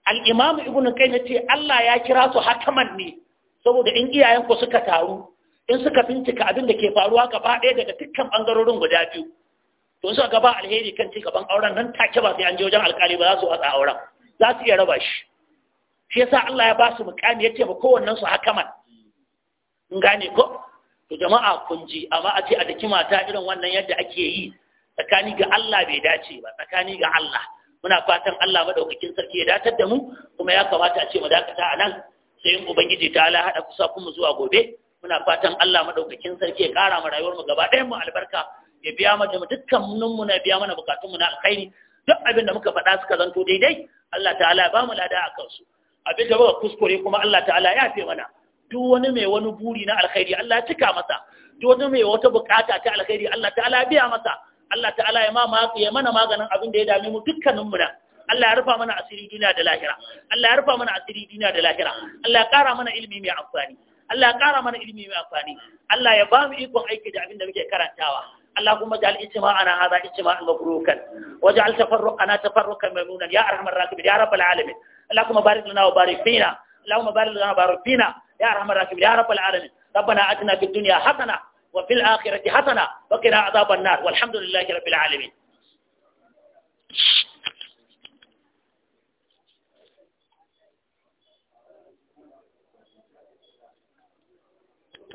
al'imamu ibn kai na ce Allah ya kira su hakaman ne saboda in iyayenku suka taru in suka bincika abin da ke faruwa gaba ɗaya daga dukkan ɓangarorin guda biyu to suka gaba alheri kan ci gaban auren nan take ba sai an je wajen alƙali ba za su watsa auren za su iya raba shi shi yasa Allah ya ba su mukami ya ce ba kowannen su hakaman in gane ko to jama'a kun ji amma a ce a daki mata irin wannan yadda ake yi tsakani ga Allah bai dace ba tsakani ga Allah muna fatan Allah madaukakin sarki ya datar da mu kuma ya kamata a ce mu dakata a nan sai in ubangiji ta ala hada kusa kuma zuwa gobe muna fatan Allah madaukakin sarki ya kara mu rayuwar mu gaba ɗayan mu albarka ya biya mu dukkanin mu na biya mana bukatun mu na alkhairi duk abin da muka faɗa suka zanto daidai Allah ta'ala ba mu lada a kansu. abin da muka kuskure kuma Allah ta'ala ya fi mana duk wani mai wani buri na alkhairi Allah ya cika masa duk wani mai wata bukata ta alkhairi Allah ta'ala ya biya masa Allah ta'ala ya ma ya mana maganin abin da ya dame mu dukkanin mu da Allah ya rufa mana asiri duniya da lahira Allah ya rufa mana asiri duniya da lahira Allah ya ƙara mana ilimi mai amfani Allah ya ƙara mana ilimi mai amfani Allah ya ba mu ikon aiki da abin da muke karantawa اللهم اجعل اجتماعنا هذا اجتماعا مبروكا واجعل تفرقنا تفرقا ممنونا يا ارحم الراحمين Allah kuma العالمين اللهم بارك لنا وبارك فينا اللهم بارك لنا وبارك فينا يا ارحم الراحمين يا رب العالمين ربنا اتنا في الدنيا حسنه وفي الآخرة حسنة وقنا عذاب النار والحمد لله رب العالمين